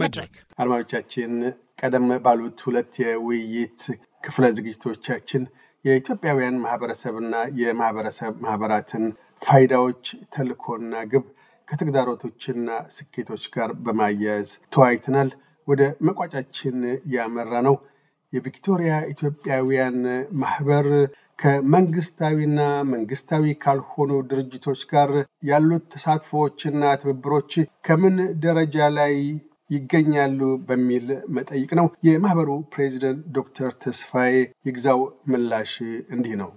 መድረክ። አድማጮቻችን ቀደም ባሉት ሁለት የውይይት ክፍለ ዝግጅቶቻችን የኢትዮጵያውያን ማህበረሰብና የማህበረሰብ ማህበራትን ፋይዳዎች፣ ተልእኮና ግብ ከተግዳሮቶችና ስኬቶች ጋር በማያያዝ ተወያይተናል። ወደ መቋጫችን ያመራ ነው። የቪክቶሪያ ኢትዮጵያውያን ማህበር ከመንግስታዊና መንግስታዊ ካልሆኑ ድርጅቶች ጋር ያሉት ተሳትፎዎችና ትብብሮች ከምን ደረጃ ላይ ይገኛሉ በሚል መጠይቅ ነው። የማህበሩ ፕሬዚደንት ዶክተር ተስፋዬ ይግዛው ምላሽ እንዲህ ነው።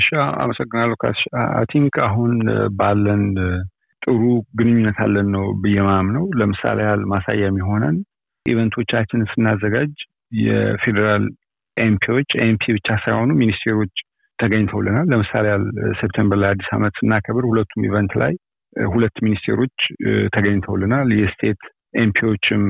እሺ፣ አመሰግናለሁ ካሽ። አይ ቲንክ አሁን ባለን ጥሩ ግንኙነት አለን ነው ብዬ ማምነው። ለምሳሌ ያህል ማሳያ የሚሆነን ኢቨንቶቻችን ስናዘጋጅ የፌዴራል ኤምፒዎች ኤምፒ ብቻ ሳይሆኑ ሚኒስቴሮች ተገኝተውልናል። ለምሳሌ ያህል ሴፕቴምበር ላይ አዲስ ዓመት ስናከብር ሁለቱም ኢቨንት ላይ ሁለት ሚኒስቴሮች ተገኝተውልናል። የስቴት ኤምፒዎችም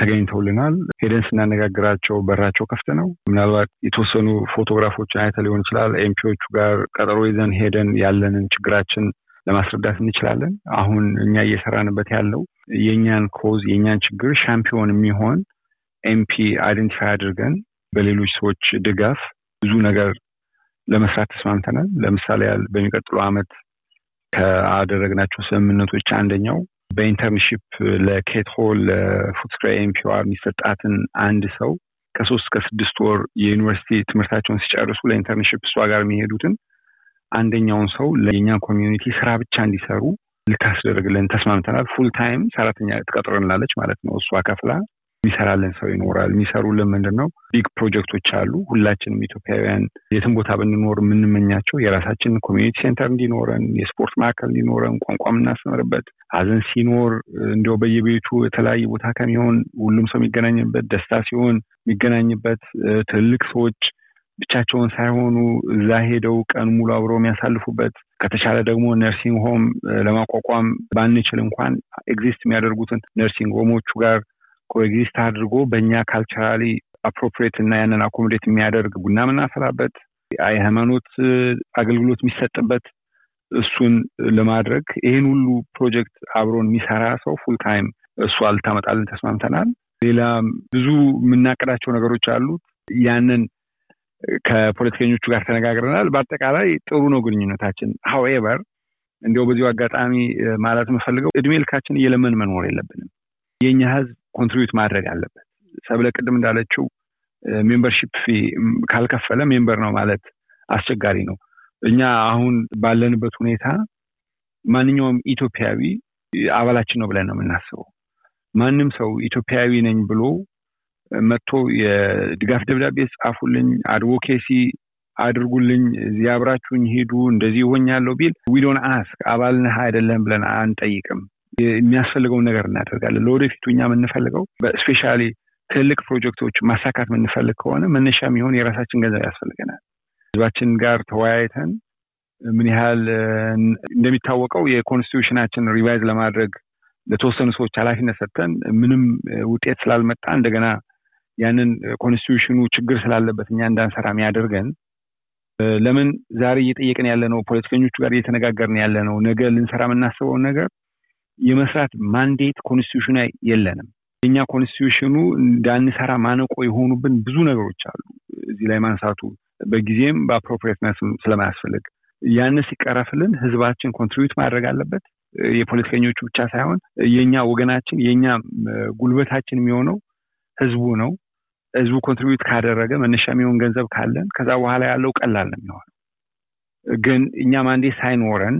ተገኝተውልናል። ሄደን ስናነጋግራቸው በራቸው ክፍት ነው። ምናልባት የተወሰኑ ፎቶግራፎችን አይተ ሊሆን ይችላል። ኤምፒዎቹ ጋር ቀጠሮ ይዘን ሄደን ያለንን ችግራችን ለማስረዳት እንችላለን። አሁን እኛ እየሰራንበት ያለው የእኛን ኮዝ የእኛን ችግር ሻምፒዮን የሚሆን ኤምፒ አይደንቲፋይ አድርገን በሌሎች ሰዎች ድጋፍ ብዙ ነገር ለመስራት ተስማምተናል። ለምሳሌ ያህል በሚቀጥለው ዓመት ከአደረግናቸው ስምምነቶች አንደኛው በኢንተርንሽፕ ለኬትሆ ለፉትስክራይ ኤምፒዋር የሚሰጣትን አንድ ሰው ከሶስት ከስድስት ወር የዩኒቨርሲቲ ትምህርታቸውን ሲጨርሱ ለኢንተርንሽፕ እሷ ጋር የሚሄዱትን አንደኛውን ሰው ለእኛ ኮሚዩኒቲ ስራ ብቻ እንዲሰሩ ልታስደርግልን ተስማምተናል። ፉል ታይም ሰራተኛ ትቀጥረንላለች ማለት ነው። እሷ ከፍላ የሚሰራልን ሰው ይኖራል። የሚሰሩልን ምንድን ነው ቢግ ፕሮጀክቶች አሉ። ሁላችንም ኢትዮጵያውያን የትን ቦታ ብንኖር የምንመኛቸው የራሳችንን ኮሚኒቲ ሴንተር እንዲኖረን፣ የስፖርት ማዕከል እንዲኖረን፣ ቋንቋ የምናስተምርበት ሀዘን ሲኖር እንዲው በየቤቱ የተለያየ ቦታ ከሚሆን ሁሉም ሰው የሚገናኝበት፣ ደስታ ሲሆን የሚገናኝበት ትልልቅ ሰዎች ብቻቸውን ሳይሆኑ እዛ ሄደው ቀን ሙሉ አብረው የሚያሳልፉበት ከተቻለ ደግሞ ነርሲንግ ሆም ለማቋቋም ባንችል እንኳን ኤግዚስት የሚያደርጉትን ነርሲንግ ሆሞቹ ጋር ኮኤግዚስት አድርጎ በእኛ ካልቸራሊ አፕሮፕሬት እና ያንን አኮሞዴት የሚያደርግ ቡና የምናፈላበት የሃይማኖት አገልግሎት የሚሰጥበት እሱን ለማድረግ ይህን ሁሉ ፕሮጀክት አብሮን የሚሰራ ሰው ፉል ታይም እሱ አልታመጣልን ተስማምተናል። ሌላ ብዙ የምናቅዳቸው ነገሮች አሉት። ያንን ከፖለቲከኞቹ ጋር ተነጋግረናል። በአጠቃላይ ጥሩ ነው ግንኙነታችን። ሀውኤቨር እንዲው በዚሁ አጋጣሚ ማለት የምፈልገው እድሜ ልካችን እየለመን መኖር የለብንም። የኛ ህዝብ ኮንትሪቢዩት ማድረግ አለበት። ሰብለ ቅድም እንዳለችው ሜምበርሺፕ ፊ ካልከፈለ ሜምበር ነው ማለት አስቸጋሪ ነው። እኛ አሁን ባለንበት ሁኔታ ማንኛውም ኢትዮጵያዊ አባላችን ነው ብለን ነው የምናስበው። ማንም ሰው ኢትዮጵያዊ ነኝ ብሎ መጥቶ የድጋፍ ደብዳቤ ጻፉልኝ፣ አድቮኬሲ አድርጉልኝ፣ እዚህ አብራችሁኝ ሂዱ፣ እንደዚህ ይሆኛለሁ ቢል ዊዶን አስክ አባልነህ አይደለም ብለን አንጠይቅም። የሚያስፈልገውን ነገር እናደርጋለን። ለወደፊቱ እኛ የምንፈልገው በስፔሻሊ ትልልቅ ፕሮጀክቶች ማሳካት የምንፈልግ ከሆነ መነሻ የሚሆን የራሳችን ገንዘብ ያስፈልገናል። ህዝባችን ጋር ተወያይተን ምን ያህል እንደሚታወቀው የኮንስቲቱሽናችን ሪቫይዝ ለማድረግ ለተወሰኑ ሰዎች ኃላፊነት ሰጥተን ምንም ውጤት ስላልመጣ እንደገና ያንን ኮንስቲቱሽኑ ችግር ስላለበት እኛ እንዳንሰራ የሚያደርገን ለምን ዛሬ እየጠየቅን ያለነው ፖለቲከኞቹ ጋር እየተነጋገርን ያለነው ነገ ልንሰራ የምናስበውን ነገር የመስራት ማንዴት ኮንስቲቱሽን የለንም። የኛ ኮንስቲቱሽኑ እንዳንሰራ ማነቆ የሆኑብን ብዙ ነገሮች አሉ። እዚህ ላይ ማንሳቱ በጊዜም በአፕሮፕሬትነት ስለማያስፈልግ ያን ሲቀረፍልን ህዝባችን ኮንትሪቢዩት ማድረግ አለበት። የፖለቲከኞቹ ብቻ ሳይሆን የእኛ ወገናችን የእኛ ጉልበታችን የሚሆነው ህዝቡ ነው። ህዝቡ ኮንትሪቢዩት ካደረገ መነሻ የሚሆን ገንዘብ ካለን ከዛ በኋላ ያለው ቀላል ነው የሚሆነው። ግን እኛ ማንዴት ሳይኖረን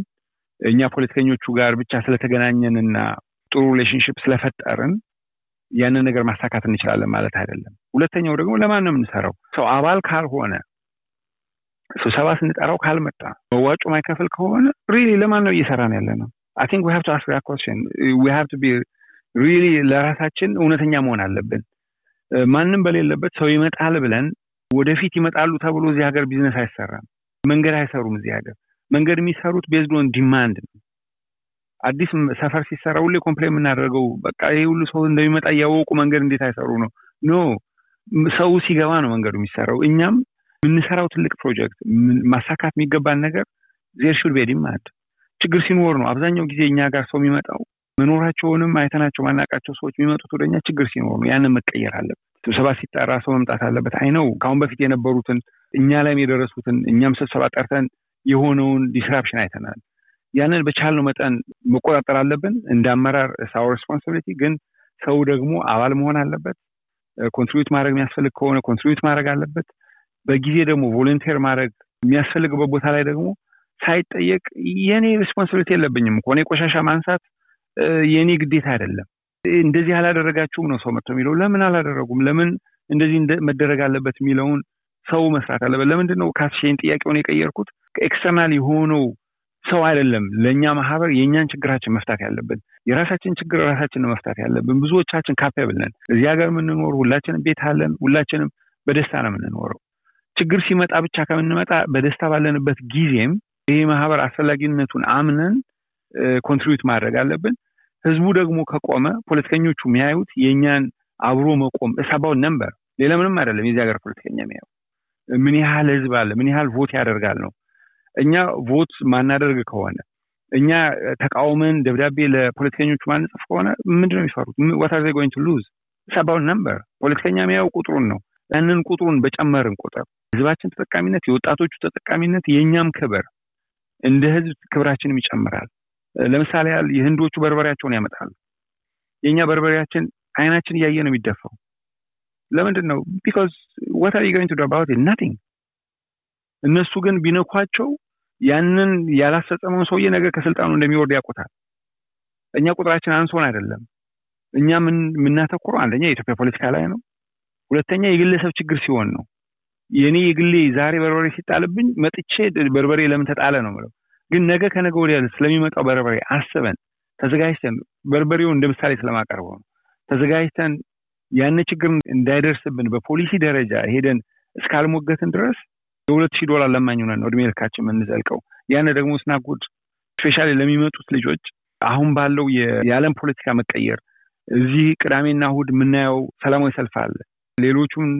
እኛ ፖለቲከኞቹ ጋር ብቻ ስለተገናኘንና ጥሩ ሪሌሽንሽፕ ስለፈጠርን ያንን ነገር ማሳካት እንችላለን ማለት አይደለም። ሁለተኛው ደግሞ ለማን ነው የምንሰራው? ሰው አባል ካልሆነ ስብሰባ ስንጠራው ካልመጣ መዋጮ ማይከፍል ከሆነ ሪሊ ለማን ነው እየሰራን ያለ ነው? አይ ሀ ዊ ሃቭ ቢ ሪሊ ለራሳችን እውነተኛ መሆን አለብን። ማንም በሌለበት ሰው ይመጣል ብለን ወደፊት ይመጣሉ ተብሎ እዚህ ሀገር ቢዝነስ አይሰራም። መንገድ አይሰሩም እዚህ ሀገር መንገድ የሚሰሩት ቤዝዶን ዲማንድ ነው። አዲስ ሰፈር ሲሰራ ሁሌ ኮምፕሌን የምናደርገው በቃ ይህ ሁሉ ሰው እንደሚመጣ እያወቁ መንገድ እንዴት አይሰሩ ነው። ኖ ሰው ሲገባ ነው መንገዱ የሚሰራው። እኛም የምንሰራው ትልቅ ፕሮጀክት ማሳካት የሚገባን ነገር ዜር ሹድ ቤድ ይማድ ችግር ሲኖር ነው። አብዛኛው ጊዜ እኛ ጋር ሰው የሚመጣው መኖራቸውንም አይተናቸው ማናቃቸው ሰዎች የሚመጡት ወደኛ ችግር ሲኖር ነው። ያንን መቀየር አለበት። ስብሰባ ሲጠራ ሰው መምጣት አለበት። አይነው ነው ከአሁን በፊት የነበሩትን እኛ ላይም የደረሱትን እኛም ስብሰባ ጠርተን የሆነውን ዲስራፕሽን አይተናል። ያንን በቻልነው መጠን መቆጣጠር አለብን። እንደ አመራር ሳወር ሬስፖንሲቢሊቲ ግን ሰው ደግሞ አባል መሆን አለበት። ኮንትሪቢዩት ማድረግ የሚያስፈልግ ከሆነ ኮንትሪቢዩት ማድረግ አለበት። በጊዜ ደግሞ ቮለንቲር ማድረግ የሚያስፈልግበት ቦታ ላይ ደግሞ ሳይጠየቅ የኔ ሬስፖንሲቢሊቲ የለብኝም ከሆነ የቆሻሻ ማንሳት የኔ ግዴታ አይደለም። እንደዚህ አላደረጋችሁም ነው ሰው መጥቶ የሚለው። ለምን አላደረጉም፣ ለምን እንደዚህ መደረግ አለበት የሚለውን ሰው መስራት አለበት። ለምንድን ነው ካስሼን ጥያቄውን የቀየርኩት ኤክስተርናል የሆነው ሰው አይደለም ለእኛ ማህበር የእኛን ችግራችን መፍታት ያለብን። የራሳችን ችግር ራሳችን መፍታት ያለብን። ብዙዎቻችን ካፔብል ነን። እዚህ ሀገር የምንኖር ሁላችንም ቤት አለን። ሁላችንም በደስታ ነው የምንኖረው። ችግር ሲመጣ ብቻ ከምንመጣ በደስታ ባለንበት ጊዜም ይህ ማህበር አስፈላጊነቱን አምነን ኮንትሪቢዩት ማድረግ አለብን። ህዝቡ ደግሞ ከቆመ ፖለቲከኞቹ የሚያዩት የእኛን አብሮ መቆም እሳባውን ነንበር ሌላ ምንም አይደለም። የዚህ ሀገር ፖለቲከኛ የሚያዩ ምን ያህል ህዝብ አለ፣ ምን ያህል ቮት ያደርጋል ነው እኛ ቮት ማናደርግ ከሆነ እኛ ተቃውመን ደብዳቤ ለፖለቲከኞቹ ማንጽፍ ከሆነ ምንድነው የሚፈሩት? ዋታር ዘ ቱ ሉዝ ሰባውን ነምበር ፖለቲከኛ የሚያው ቁጥሩን ነው። ያንን ቁጥሩን በጨመርን ቁጥር ህዝባችን ተጠቃሚነት፣ የወጣቶቹ ተጠቃሚነት፣ የእኛም ክብር እንደ ህዝብ ክብራችንም ይጨምራል። ለምሳሌ ያህል የህንዶቹ በርበሬያቸውን ያመጣሉ። የእኛ በርበሬያችን አይናችን እያየ ነው የሚደፋው። ለምንድን ነው? ቢካ ዋት አር ቱ ናቲንግ። እነሱ ግን ቢነኳቸው ያንን ያላስፈጸመውን ሰውዬ ነገ ከስልጣኑ እንደሚወርድ ያውቁታል። እኛ ቁጥራችን አንሶን አይደለም። እኛ የምናተኩረው አንደኛ የኢትዮጵያ ፖለቲካ ላይ ነው። ሁለተኛ የግለሰብ ችግር ሲሆን ነው። የእኔ የግሌ ዛሬ በርበሬ ሲጣልብኝ መጥቼ በርበሬ ለምን ተጣለ ነው ለው ግን ነገ ከነገ ወዲያ ስለሚመጣው በርበሬ አስበን ተዘጋጅተን በርበሬውን እንደ ምሳሌ ስለማቀርበው ነው ተዘጋጅተን ያን ችግር እንዳይደርስብን በፖሊሲ ደረጃ ሄደን እስካልሞገትን ድረስ የሁለት ሺህ ዶላር ለማኝ ሆነን ነው እድሜ ልካችን የምንዘልቀው። ያን ደግሞ ስናጎድ ስፔሻሊ ለሚመጡት ልጆች አሁን ባለው የዓለም ፖለቲካ መቀየር እዚህ ቅዳሜና እሁድ የምናየው ሰላማዊ ሰልፍ አለ። ሌሎቹን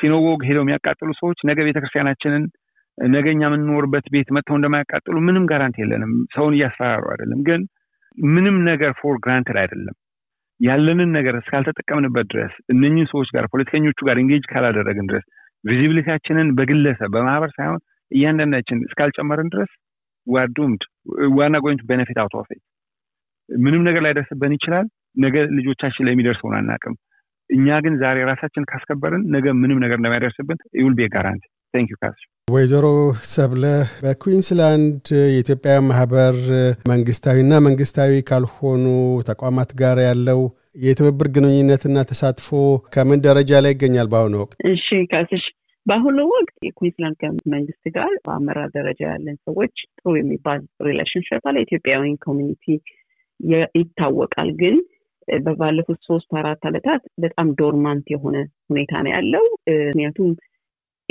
ሲኖጎግ ሄደው የሚያቃጥሉ ሰዎች ነገ ቤተክርስቲያናችንን ነገኛ የምንኖርበት ቤት መጥተው እንደማያቃጥሉ ምንም ጋራንቲ የለንም። ሰውን እያስፈራሩ አይደለም፣ ግን ምንም ነገር ፎር ግራንትድ አይደለም። ያለንን ነገር እስካልተጠቀምንበት ድረስ እነኝን ሰዎች ጋር ፖለቲከኞቹ ጋር ኢንጌጅ ካላደረግን ድረስ ቪዚቢሊቲያችንን በግለሰብ በማህበር ሳይሆን እያንዳንዳችን እስካልጨመርን ድረስ ዋዱምድ ዋና ጎኞች ቤኔፊት አውት ምንም ነገር ላይደርስብን ይችላል። ነገ ልጆቻችን ላይ የሚደርሰውን አናቅም እኛ ግን ዛሬ ራሳችን ካስከበርን ነገ ምንም ነገር እንደማይደርስብን ይውል ቤ ጋራንቲ ወይዘሮ ሰብለ በኩዊንስላንድ የኢትዮጵያ ማህበር መንግስታዊና መንግስታዊ ካልሆኑ ተቋማት ጋር ያለው የትብብር ግንኙነትና ተሳትፎ ከምን ደረጃ ላይ ይገኛል በአሁኑ ወቅት? እሺ ካስሽ በአሁኑ ወቅት የኩዊንስላንድ መንግስት ጋር በአመራር ደረጃ ያለን ሰዎች ጥሩ የሚባል ሪሌሽንሽፕ አለ። ኢትዮጵያውያን ኮሚኒቲ ይታወቃል። ግን በባለፉት ሶስት አራት አመታት በጣም ዶርማንት የሆነ ሁኔታ ነው ያለው። ምክንያቱም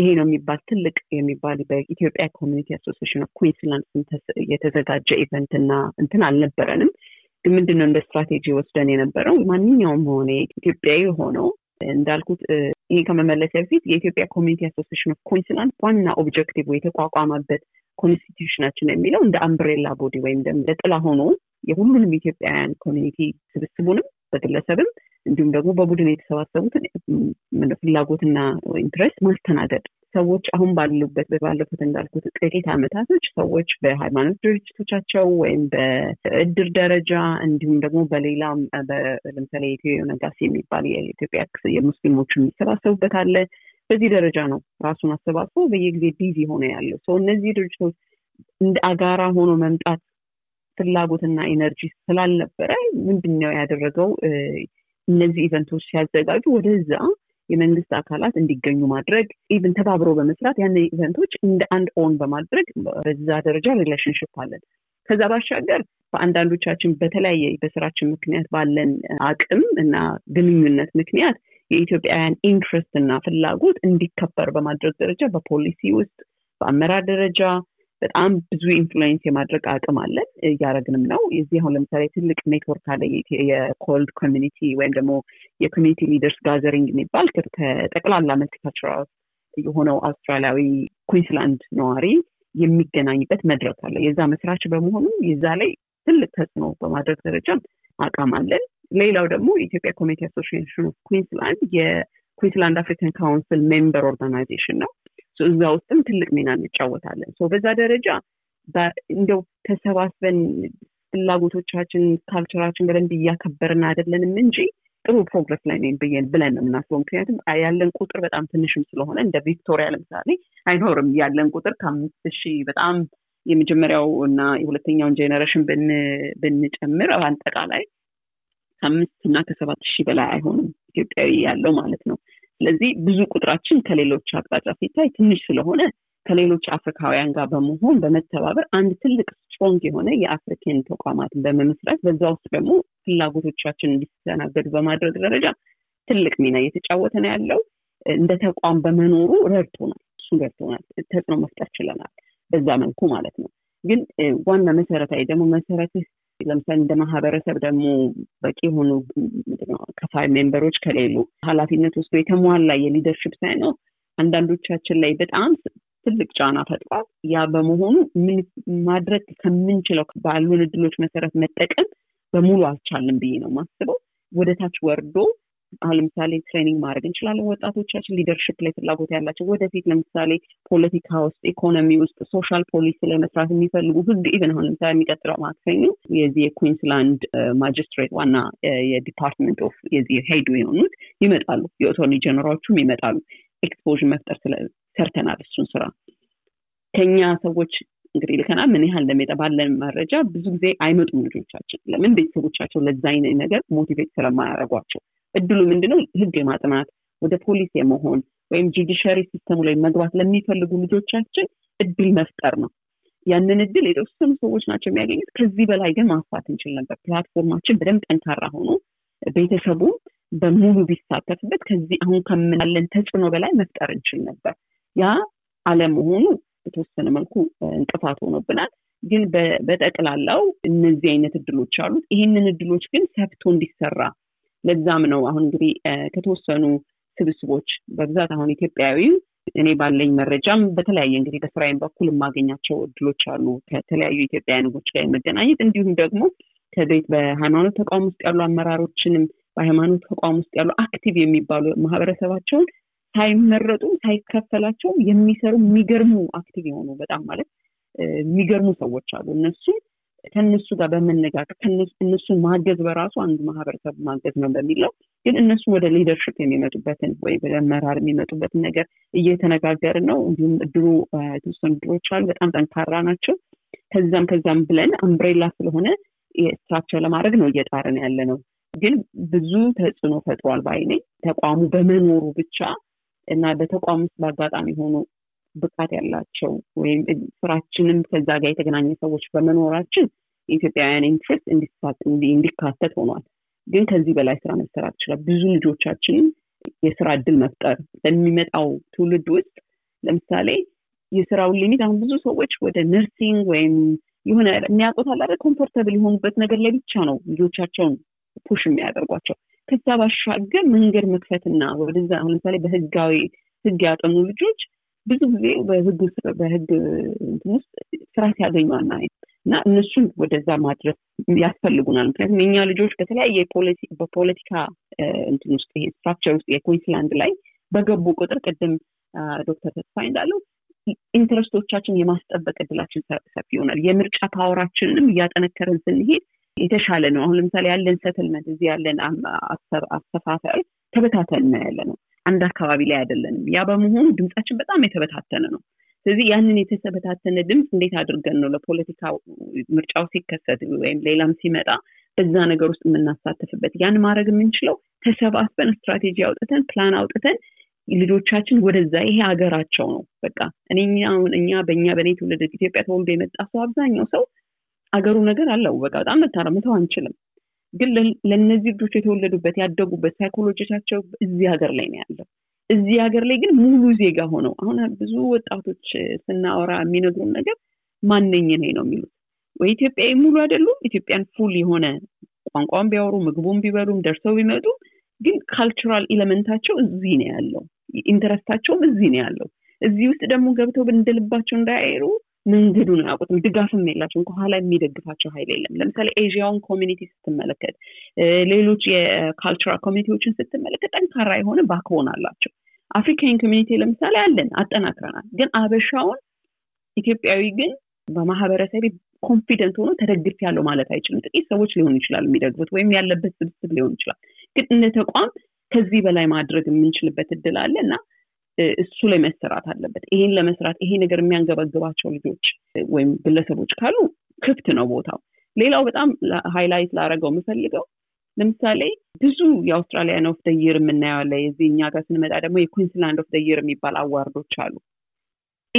ይሄ ነው የሚባል ትልቅ የሚባል በኢትዮጵያ ኮሚኒቲ አሶሲሽን ኦፍ ኩዊንስላንድ የተዘጋጀ ኢቨንት እና እንትን አልነበረንም። ምንድን ነው እንደ ስትራቴጂ ወስደን የነበረው ማንኛውም ሆነ ኢትዮጵያዊ የሆነው እንዳልኩት ይሄ ከመመለስ በፊት የኢትዮጵያ ኮሚኒቲ አሶሲሽን ኦፍ ኮንስላንት ዋና ኦብጀክቲቭ የተቋቋመበት ኮንስቲቱሽናችን የሚለው እንደ አምብሬላ ቦዲ ወይም ለጥላ ሆኖ የሁሉንም ኢትዮጵያውያን ኮሚኒቲ ስብስቡንም በግለሰብም እንዲሁም ደግሞ በቡድን የተሰባሰቡትን ፍላጎትና ኢንትረስት ማስተናገድ ሰዎች አሁን ባሉበት ባለፉት እንዳልኩት ጥቂት አመታቶች ሰዎች በሃይማኖት ድርጅቶቻቸው ወይም በእድር ደረጃ እንዲሁም ደግሞ በሌላ ለምሳሌ ኢትዮ ነጋሲ የሚባል የኢትዮጵያ የሙስሊሞች የሚሰባሰቡበት አለ። በዚህ ደረጃ ነው ራሱን አሰባስቦ በየጊዜ ቢዚ ሆነ ያለው ሰው እነዚህ ድርጅቶች እንደ አጋራ ሆኖ መምጣት ፍላጎትና ኤነርጂ ስላልነበረ ምንድን ነው ያደረገው? እነዚህ ኢቨንቶች ሲያዘጋጁ ወደዛ የመንግስት አካላት እንዲገኙ ማድረግ ኢቭን ተባብሮ በመስራት ያን ኢቨንቶች እንደ አንድ ኦን በማድረግ በዛ ደረጃ ሪሌሽንሽፕ አለን። ከዛ ባሻገር በአንዳንዶቻችን በተለያየ በስራችን ምክንያት ባለን አቅም እና ግንኙነት ምክንያት የኢትዮጵያውያን ኢንትረስት እና ፍላጎት እንዲከበር በማድረግ ደረጃ በፖሊሲ ውስጥ በአመራር ደረጃ በጣም ብዙ ኢንፍሉዌንስ የማድረግ አቅም አለን፣ እያደረግንም ነው። የዚህ አሁን ለምሳሌ ትልቅ ኔትወርክ አለ፣ የኮልድ ኮሚኒቲ ወይም ደግሞ የኮሚኒቲ ሊደርስ ጋዘሪንግ የሚባል ከጠቅላላ መልቲካልቸራል የሆነው አውስትራሊያዊ ኩንስላንድ ነዋሪ የሚገናኝበት መድረክ አለ። የዛ መስራች በመሆኑ የዛ ላይ ትልቅ ተጽዕኖ በማድረግ ደረጃ አቅም አለን። ሌላው ደግሞ የኢትዮጵያ ኮሚኒቲ አሶሺዬሽን ኦፍ ኩዊንስላንድ አፍሪካን ካውንስል ሜምበር ኦርጋናይዜሽን ነው። እዛ ውስጥም ትልቅ ሚና እንጫወታለን። በዛ ደረጃ እንደው ተሰባስበን ፍላጎቶቻችን፣ ካልቸራችን በደንብ እያከበርን አይደለንም እንጂ ጥሩ ፕሮግረስ ላይ ነው ብለን ነው የምናስበው። ምክንያቱም ያለን ቁጥር በጣም ትንሽም ስለሆነ እንደ ቪክቶሪያ ለምሳሌ አይኖርም ያለን ቁጥር ከአምስት ሺህ በጣም የመጀመሪያው እና የሁለተኛውን ጄኔሬሽን ብንጨምር አጠቃላይ ከአምስት እና ከሰባት ሺህ በላይ አይሆንም ኢትዮጵያዊ ያለው ማለት ነው። ስለዚህ ብዙ ቁጥራችን ከሌሎች አቅጣጫ ሲታይ ትንሽ ስለሆነ ከሌሎች አፍሪካውያን ጋር በመሆን በመተባበር አንድ ትልቅ ስትሮንግ የሆነ የአፍሪካን ተቋማትን በመመስረት በዛ ውስጥ ደግሞ ፍላጎቶቻችን እንዲስተናገዱ በማድረግ ደረጃ ትልቅ ሚና እየተጫወተ ነው ያለው። እንደ ተቋም በመኖሩ ረድቶናል። እሱ ረድቶናል። ተጽዕኖ መፍጠር ችለናል። በዛ መልኩ ማለት ነው። ግን ዋና መሰረታዊ ደግሞ መሰረትህ ለምሳሌ እንደ ማህበረሰብ ደግሞ በቂ የሆኑ ከፋይ ሜምበሮች ከሌሉ ኃላፊነት ውስጥ የተሟላ የሊደርሽፕ ሳይኖር አንዳንዶቻችን ላይ በጣም ትልቅ ጫና ፈጥሯል። ያ በመሆኑ ምን ማድረግ ከምንችለው ባሉን እድሎች መሰረት መጠቀም በሙሉ አልቻልም ብዬ ነው የማስበው። ወደ ታች ወርዶ አሁን ለምሳሌ ትሬኒንግ ማድረግ እንችላለን። ወጣቶቻችን ሊደርሽፕ ላይ ፍላጎት ያላቸው ወደፊት ለምሳሌ ፖለቲካ ውስጥ፣ ኢኮኖሚ ውስጥ፣ ሶሻል ፖሊሲ ላይ መስራት የሚፈልጉ ህግ ኢቨን አሁን ለምሳሌ የሚቀጥለው ማክሰኞ የዚህ የኩንስላንድ ማጅስትሬት ዋና የዲፓርትመንት ኦፍ የዚህ ሄዱ የሆኑት ይመጣሉ። የኦቶርኒ ጀነራሎቹም ይመጣሉ። ኤክስፖዥን መፍጠር ሰርተናል። እሱን ስራ ከኛ ሰዎች እንግዲህ ልከና ምን ያህል ለሜጠ ባለን መረጃ ብዙ ጊዜ አይመጡም ልጆቻችን። ለምን ቤተሰቦቻቸው ለዛ አይነት ነገር ሞቲቬት ስለማያደረጓቸው እድሉ ምንድነው? ህግ የማጥናት ወደ ፖሊስ የመሆን ወይም ጁዲሻሪ ሲስተሙ ላይ መግባት ለሚፈልጉ ልጆቻችን እድል መፍጠር ነው። ያንን እድል የተወሰኑ ሰዎች ናቸው የሚያገኙት። ከዚህ በላይ ግን ማስፋት እንችል ነበር። ፕላትፎርማችን በደንብ ጠንካራ ሆኖ ቤተሰቡ በሙሉ ቢሳተፍበት ከዚህ አሁን ከምናለን ተጽዕኖ በላይ መፍጠር እንችል ነበር። ያ አለመሆኑ በተወሰነ መልኩ እንቅፋት ሆኖብናል። ግን በጠቅላላው እነዚህ አይነት እድሎች አሉት። ይህንን እድሎች ግን ሰብቶ እንዲሰራ ለዛም ነው አሁን እንግዲህ ከተወሰኑ ስብስቦች በብዛት አሁን ኢትዮጵያዊ እኔ ባለኝ መረጃም በተለያየ እንግዲህ በስራዬም በኩል የማገኛቸው እድሎች አሉ ከተለያዩ ኢትዮጵያውያን ህጎች ጋር የመገናኘት እንዲሁም ደግሞ ከቤት በሃይማኖት ተቋም ውስጥ ያሉ አመራሮችንም በሃይማኖት ተቋም ውስጥ ያሉ አክቲቭ የሚባሉ ማህበረሰባቸውን ሳይመረጡ ሳይከፈላቸው የሚሰሩ የሚገርሙ አክቲቭ የሆኑ በጣም ማለት የሚገርሙ ሰዎች አሉ። እነሱ ከእነሱ ጋር በመነጋገር እነሱን ማገዝ በራሱ አንድ ማህበረሰብ ማገዝ ነው በሚለው ግን እነሱ ወደ ሊደርሽፕ የሚመጡበትን ወይ ወደ መራር የሚመጡበትን ነገር እየተነጋገር ነው። እንዲሁም ድሮ የተወሰኑ ድሮች አሉ፣ በጣም ጠንካራ ናቸው። ከዛም ከዛም ብለን አምብሬላ ስለሆነ ስራቸው ለማድረግ ነው እየጣርን ያለ ነው። ግን ብዙ ተጽዕኖ ፈጥሯል በአይኔ ተቋሙ በመኖሩ ብቻ እና በተቋም ውስጥ በአጋጣሚ ሆኖ ብቃት ያላቸው ወይም ስራችንም ከዛ ጋር የተገናኘ ሰዎች በመኖራችን የኢትዮጵያውያን ኢንትረስት እንዲካተት ሆኗል። ግን ከዚህ በላይ ስራ መሰራት ይችላል። ብዙ ልጆቻችንን የስራ እድል መፍጠር በሚመጣው ትውልድ ውስጥ ለምሳሌ የስራውን ሊሚት አሁን ብዙ ሰዎች ወደ ነርሲንግ ወይም የሆነ የሚያውቁት አላደ ኮምፎርተብል የሆኑበት ነገር ላይ ብቻ ነው ልጆቻቸውን ፑሽ የሚያደርጓቸው። ከዛ ባሻገር መንገድ መክፈትና ወደዛ አሁን ለምሳሌ በህጋዊ ህግ ያጠኑ ልጆች ብዙ ጊዜ በህግ በህግ እንትን ውስጥ ስራት ያገኙ እና እነሱን ወደዛ ማድረስ ያስፈልጉናል። ምክንያቱም የኛ ልጆች በተለያየ በፖለቲካ እንትን ውስጥ ይሄ ስትራክቸር ውስጥ የኩዊንስላንድ ላይ በገቡ ቁጥር ቅድም ዶክተር ተስፋ እንዳለው ኢንትረስቶቻችን የማስጠበቅ እድላችን ሰፊ ይሆናል። የምርጫ ፓወራችንንም እያጠነከረን ስንሄድ የተሻለ ነው። አሁን ለምሳሌ ያለን ሰትልመንት እዚህ ያለን አሰፋፈር ተበታተን ያለ ነው። አንድ አካባቢ ላይ አይደለንም። ያ በመሆኑ ድምጻችን በጣም የተበታተነ ነው። ስለዚህ ያንን የተበታተነ ድምፅ እንዴት አድርገን ነው ለፖለቲካ ምርጫው ሲከሰት ወይም ሌላም ሲመጣ በዛ ነገር ውስጥ የምናሳተፍበት? ያን ማድረግ የምንችለው ተሰባስበን ስትራቴጂ አውጥተን ፕላን አውጥተን ልጆቻችን ወደዛ ይሄ ሀገራቸው ነው። በቃ እኔ እኛ በእኛ በእኔ ትውልድ ኢትዮጵያ ተወልዶ የመጣ ሰው አብዛኛው ሰው አገሩ ነገር አለው። በቃ በጣም መታረምተው አንችልም። ግን ለእነዚህ ልጆች የተወለዱበት ያደጉበት ሳይኮሎጂቻቸው እዚህ ሀገር ላይ ነው ያለው። እዚህ ሀገር ላይ ግን ሙሉ ዜጋ ሆነው አሁን ብዙ ወጣቶች ስናወራ የሚነግሩን ነገር ማነኝ ነኝ ነው የሚሉት። ወይ ኢትዮጵያዊ ሙሉ አይደሉም። ኢትዮጵያን ፉል የሆነ ቋንቋን ቢያወሩ ምግቡን ቢበሉም ደርሰው ቢመጡም ግን ካልቸራል ኢለመንታቸው እዚህ ነው ያለው። ኢንተረስታቸውም እዚህ ነው ያለው። እዚህ ውስጥ ደግሞ ገብተው እንደልባቸው እንዳያይሩ መንገዱን አያውቁትም። ድጋፍም የላቸውም። ከኋላ የሚደግፋቸው ኃይል የለም። ለምሳሌ ኤዥያውን ኮሚኒቲ ስትመለከት፣ ሌሎች የካልቸራል ኮሚኒቲዎችን ስትመለከት ጠንካራ የሆነ ባክቦን አላቸው። አፍሪካን ኮሚኒቲ ለምሳሌ አለን፣ አጠናክረናል። ግን አበሻውን ኢትዮጵያዊ ግን በማህበረሰብ ኮንፊደንት ሆኖ ተደግፍ ያለው ማለት አይችልም። ጥቂት ሰዎች ሊሆን ይችላል የሚደግፉት ወይም ያለበት ስብስብ ሊሆን ይችላል። ግን እንደ ተቋም ከዚህ በላይ ማድረግ የምንችልበት እድል አለ እና እሱ ላይ መሰራት አለበት። ይሄን ለመስራት ይሄ ነገር የሚያንገበግባቸው ልጆች ወይም ግለሰቦች ካሉ ክፍት ነው ቦታው። ሌላው በጣም ሃይላይት ላረገው የምፈልገው ለምሳሌ ብዙ የአውስትራሊያን ኦፍ ደየር የምናየዋለ የዚህ እኛ ጋር ስንመጣ ደግሞ የኩንስላንድ ኦፍ ደየር የሚባል አዋርዶች አሉ።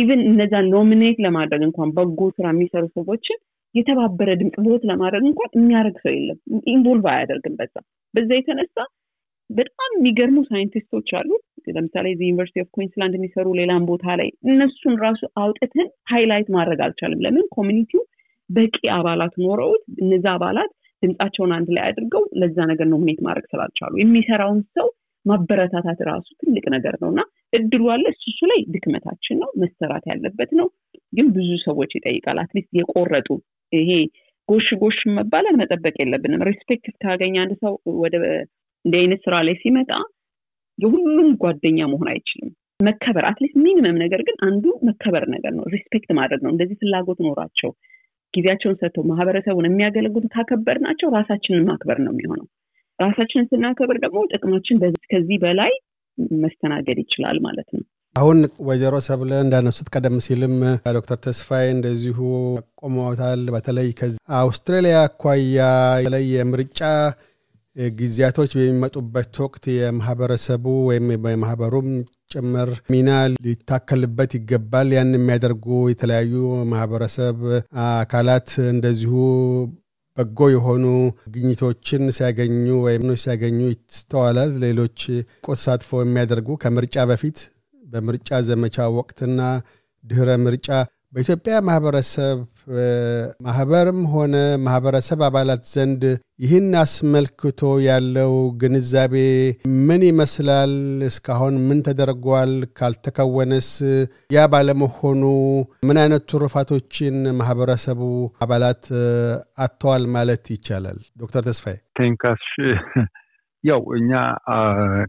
ኢቨን እነዛን ኖሚኔት ለማድረግ እንኳን በጎ ስራ የሚሰሩ ሰዎችን የተባበረ ድምፅ ቦት ለማድረግ እንኳን የሚያደርግ ሰው የለም፣ ኢንቮልቭ አያደርግም። በዛ በዛ የተነሳ በጣም የሚገርሙ ሳይንቲስቶች አሉ። ለምሳሌ እዚህ ዩኒቨርሲቲ ኦፍ ኩንስላንድ የሚሰሩ ሌላም ቦታ ላይ እነሱን ራሱ አውጥተን ሃይላይት ማድረግ አልቻልም። ለምን ኮሚኒቲው በቂ አባላት ኖረውት እነዚ አባላት ድምጻቸውን አንድ ላይ አድርገው ለዛ ነገር ነው ኖሚኔት ማድረግ ስላልቻሉ የሚሰራውን ሰው ማበረታታት ራሱ ትልቅ ነገር ነው እና እድሉ አለ። እሱ ላይ ድክመታችን ነው፣ መሰራት ያለበት ነው። ግን ብዙ ሰዎች ይጠይቃል። አትሊስት የቆረጡ ይሄ ጎሽ ጎሽ መባላል መጠበቅ የለብንም። ሪስፔክት ካገኘ አንድ ሰው ወደ እንዲህ አይነት ስራ ላይ ሲመጣ የሁሉም ጓደኛ መሆን አይችልም። መከበር አትሊስት ሚኒመም ነገር ግን አንዱ መከበር ነገር ነው። ሪስፔክት ማድረግ ነው። እንደዚህ ፍላጎት ኖራቸው ጊዜያቸውን ሰጥተው ማህበረሰቡን የሚያገለግሉ ካከበር ናቸው ራሳችንን ማክበር ነው የሚሆነው። ራሳችንን ስናከብር ደግሞ ጥቅማችን ከዚህ በላይ መስተናገድ ይችላል ማለት ነው። አሁን ወይዘሮ ሰብለ እንዳነሱት ቀደም ሲልም ዶክተር ተስፋዬ እንደዚሁ ቆመውታል። በተለይ ከዚ አውስትራሊያ አኳያ በተለይ የምርጫ ጊዜያቶች በሚመጡበት ወቅት የማህበረሰቡ ወይም በማህበሩም ጭምር ሚና ሊታከልበት ይገባል። ያን የሚያደርጉ የተለያዩ ማህበረሰብ አካላት እንደዚሁ በጎ የሆኑ ግኝቶችን ሲያገኙ ወይም ሲያገኙ ይስተዋላል። ሌሎች ተሳትፎ የሚያደርጉ ከምርጫ በፊት በምርጫ ዘመቻ ወቅትና ድህረ ምርጫ በኢትዮጵያ ማህበረሰብ ማህበርም ሆነ ማህበረሰብ አባላት ዘንድ ይህን አስመልክቶ ያለው ግንዛቤ ምን ይመስላል? እስካሁን ምን ተደርጓል? ካልተከወነስ ያ ባለመሆኑ ምን አይነት ትሩፋቶችን ማህበረሰቡ አባላት አጥተዋል ማለት ይቻላል? ዶክተር ተስፋዬ ቴንካስ ያው እኛ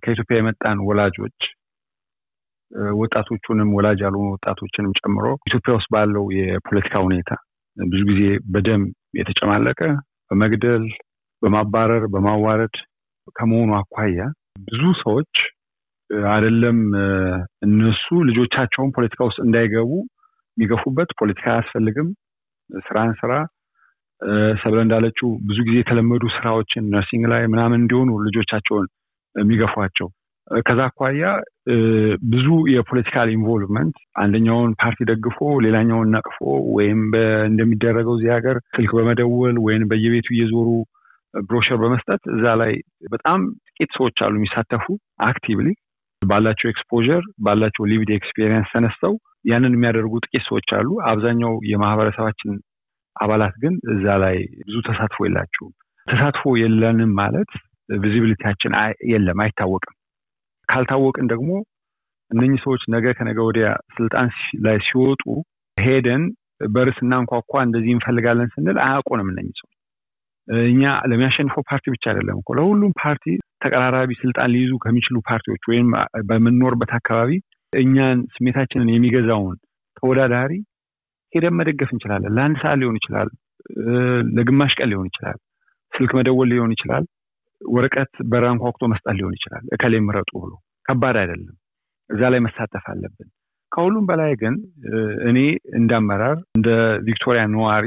ከኢትዮጵያ የመጣን ወላጆች ወጣቶቹንም ወላጅ ያልሆኑ ወጣቶችንም ጨምሮ ኢትዮጵያ ውስጥ ባለው የፖለቲካ ሁኔታ ብዙ ጊዜ በደም የተጨማለቀ በመግደል፣ በማባረር፣ በማዋረድ ከመሆኑ አኳያ ብዙ ሰዎች አይደለም እነሱ ልጆቻቸውን ፖለቲካ ውስጥ እንዳይገቡ የሚገፉበት ፖለቲካ አያስፈልግም፣ ስራን ስራ ሰብለ እንዳለችው ብዙ ጊዜ የተለመዱ ስራዎችን ነርሲንግ ላይ ምናምን እንዲሆኑ ልጆቻቸውን የሚገፏቸው ከዛ አኳያ ብዙ የፖለቲካል ኢንቮልቭመንት አንደኛውን ፓርቲ ደግፎ ሌላኛውን ነቅፎ ወይም እንደሚደረገው እዚህ ሀገር ስልክ በመደወል ወይም በየቤቱ እየዞሩ ብሮሸር በመስጠት እዛ ላይ በጣም ጥቂት ሰዎች አሉ የሚሳተፉ አክቲቭሊ ባላቸው ኤክስፖር ባላቸው ሊቪድ ኤክስፔሪንስ ተነስተው ያንን የሚያደርጉ ጥቂት ሰዎች አሉ። አብዛኛው የማህበረሰባችን አባላት ግን እዛ ላይ ብዙ ተሳትፎ የላቸውም። ተሳትፎ የለንም ማለት ቪዚቢሊቲያችን የለም፣ አይታወቅም። ካልታወቅን ደግሞ እነኚህ ሰዎች ነገ ከነገ ወዲያ ስልጣን ላይ ሲወጡ ሄደን በርስ እናንኳኳ እንደዚህ እንፈልጋለን ስንል አያቆንም እነኚህ ሰዎች። እኛ ለሚያሸንፈው ፓርቲ ብቻ አይደለም እኮ ለሁሉም ፓርቲ ተቀራራቢ ስልጣን ሊይዙ ከሚችሉ ፓርቲዎች ወይም በምንኖርበት አካባቢ እኛን ስሜታችንን የሚገዛውን ተወዳዳሪ ሄደን መደገፍ እንችላለን። ለአንድ ሰዓት ሊሆን ይችላል፣ ለግማሽ ቀን ሊሆን ይችላል፣ ስልክ መደወል ሊሆን ይችላል። ወረቀት በራንኳ ወቅቶ መስጠት ሊሆን ይችላል። እከሌ ምረጡ ብሎ ከባድ አይደለም። እዛ ላይ መሳተፍ አለብን። ከሁሉም በላይ ግን እኔ እንዳመራር እንደ ቪክቶሪያ ነዋሪ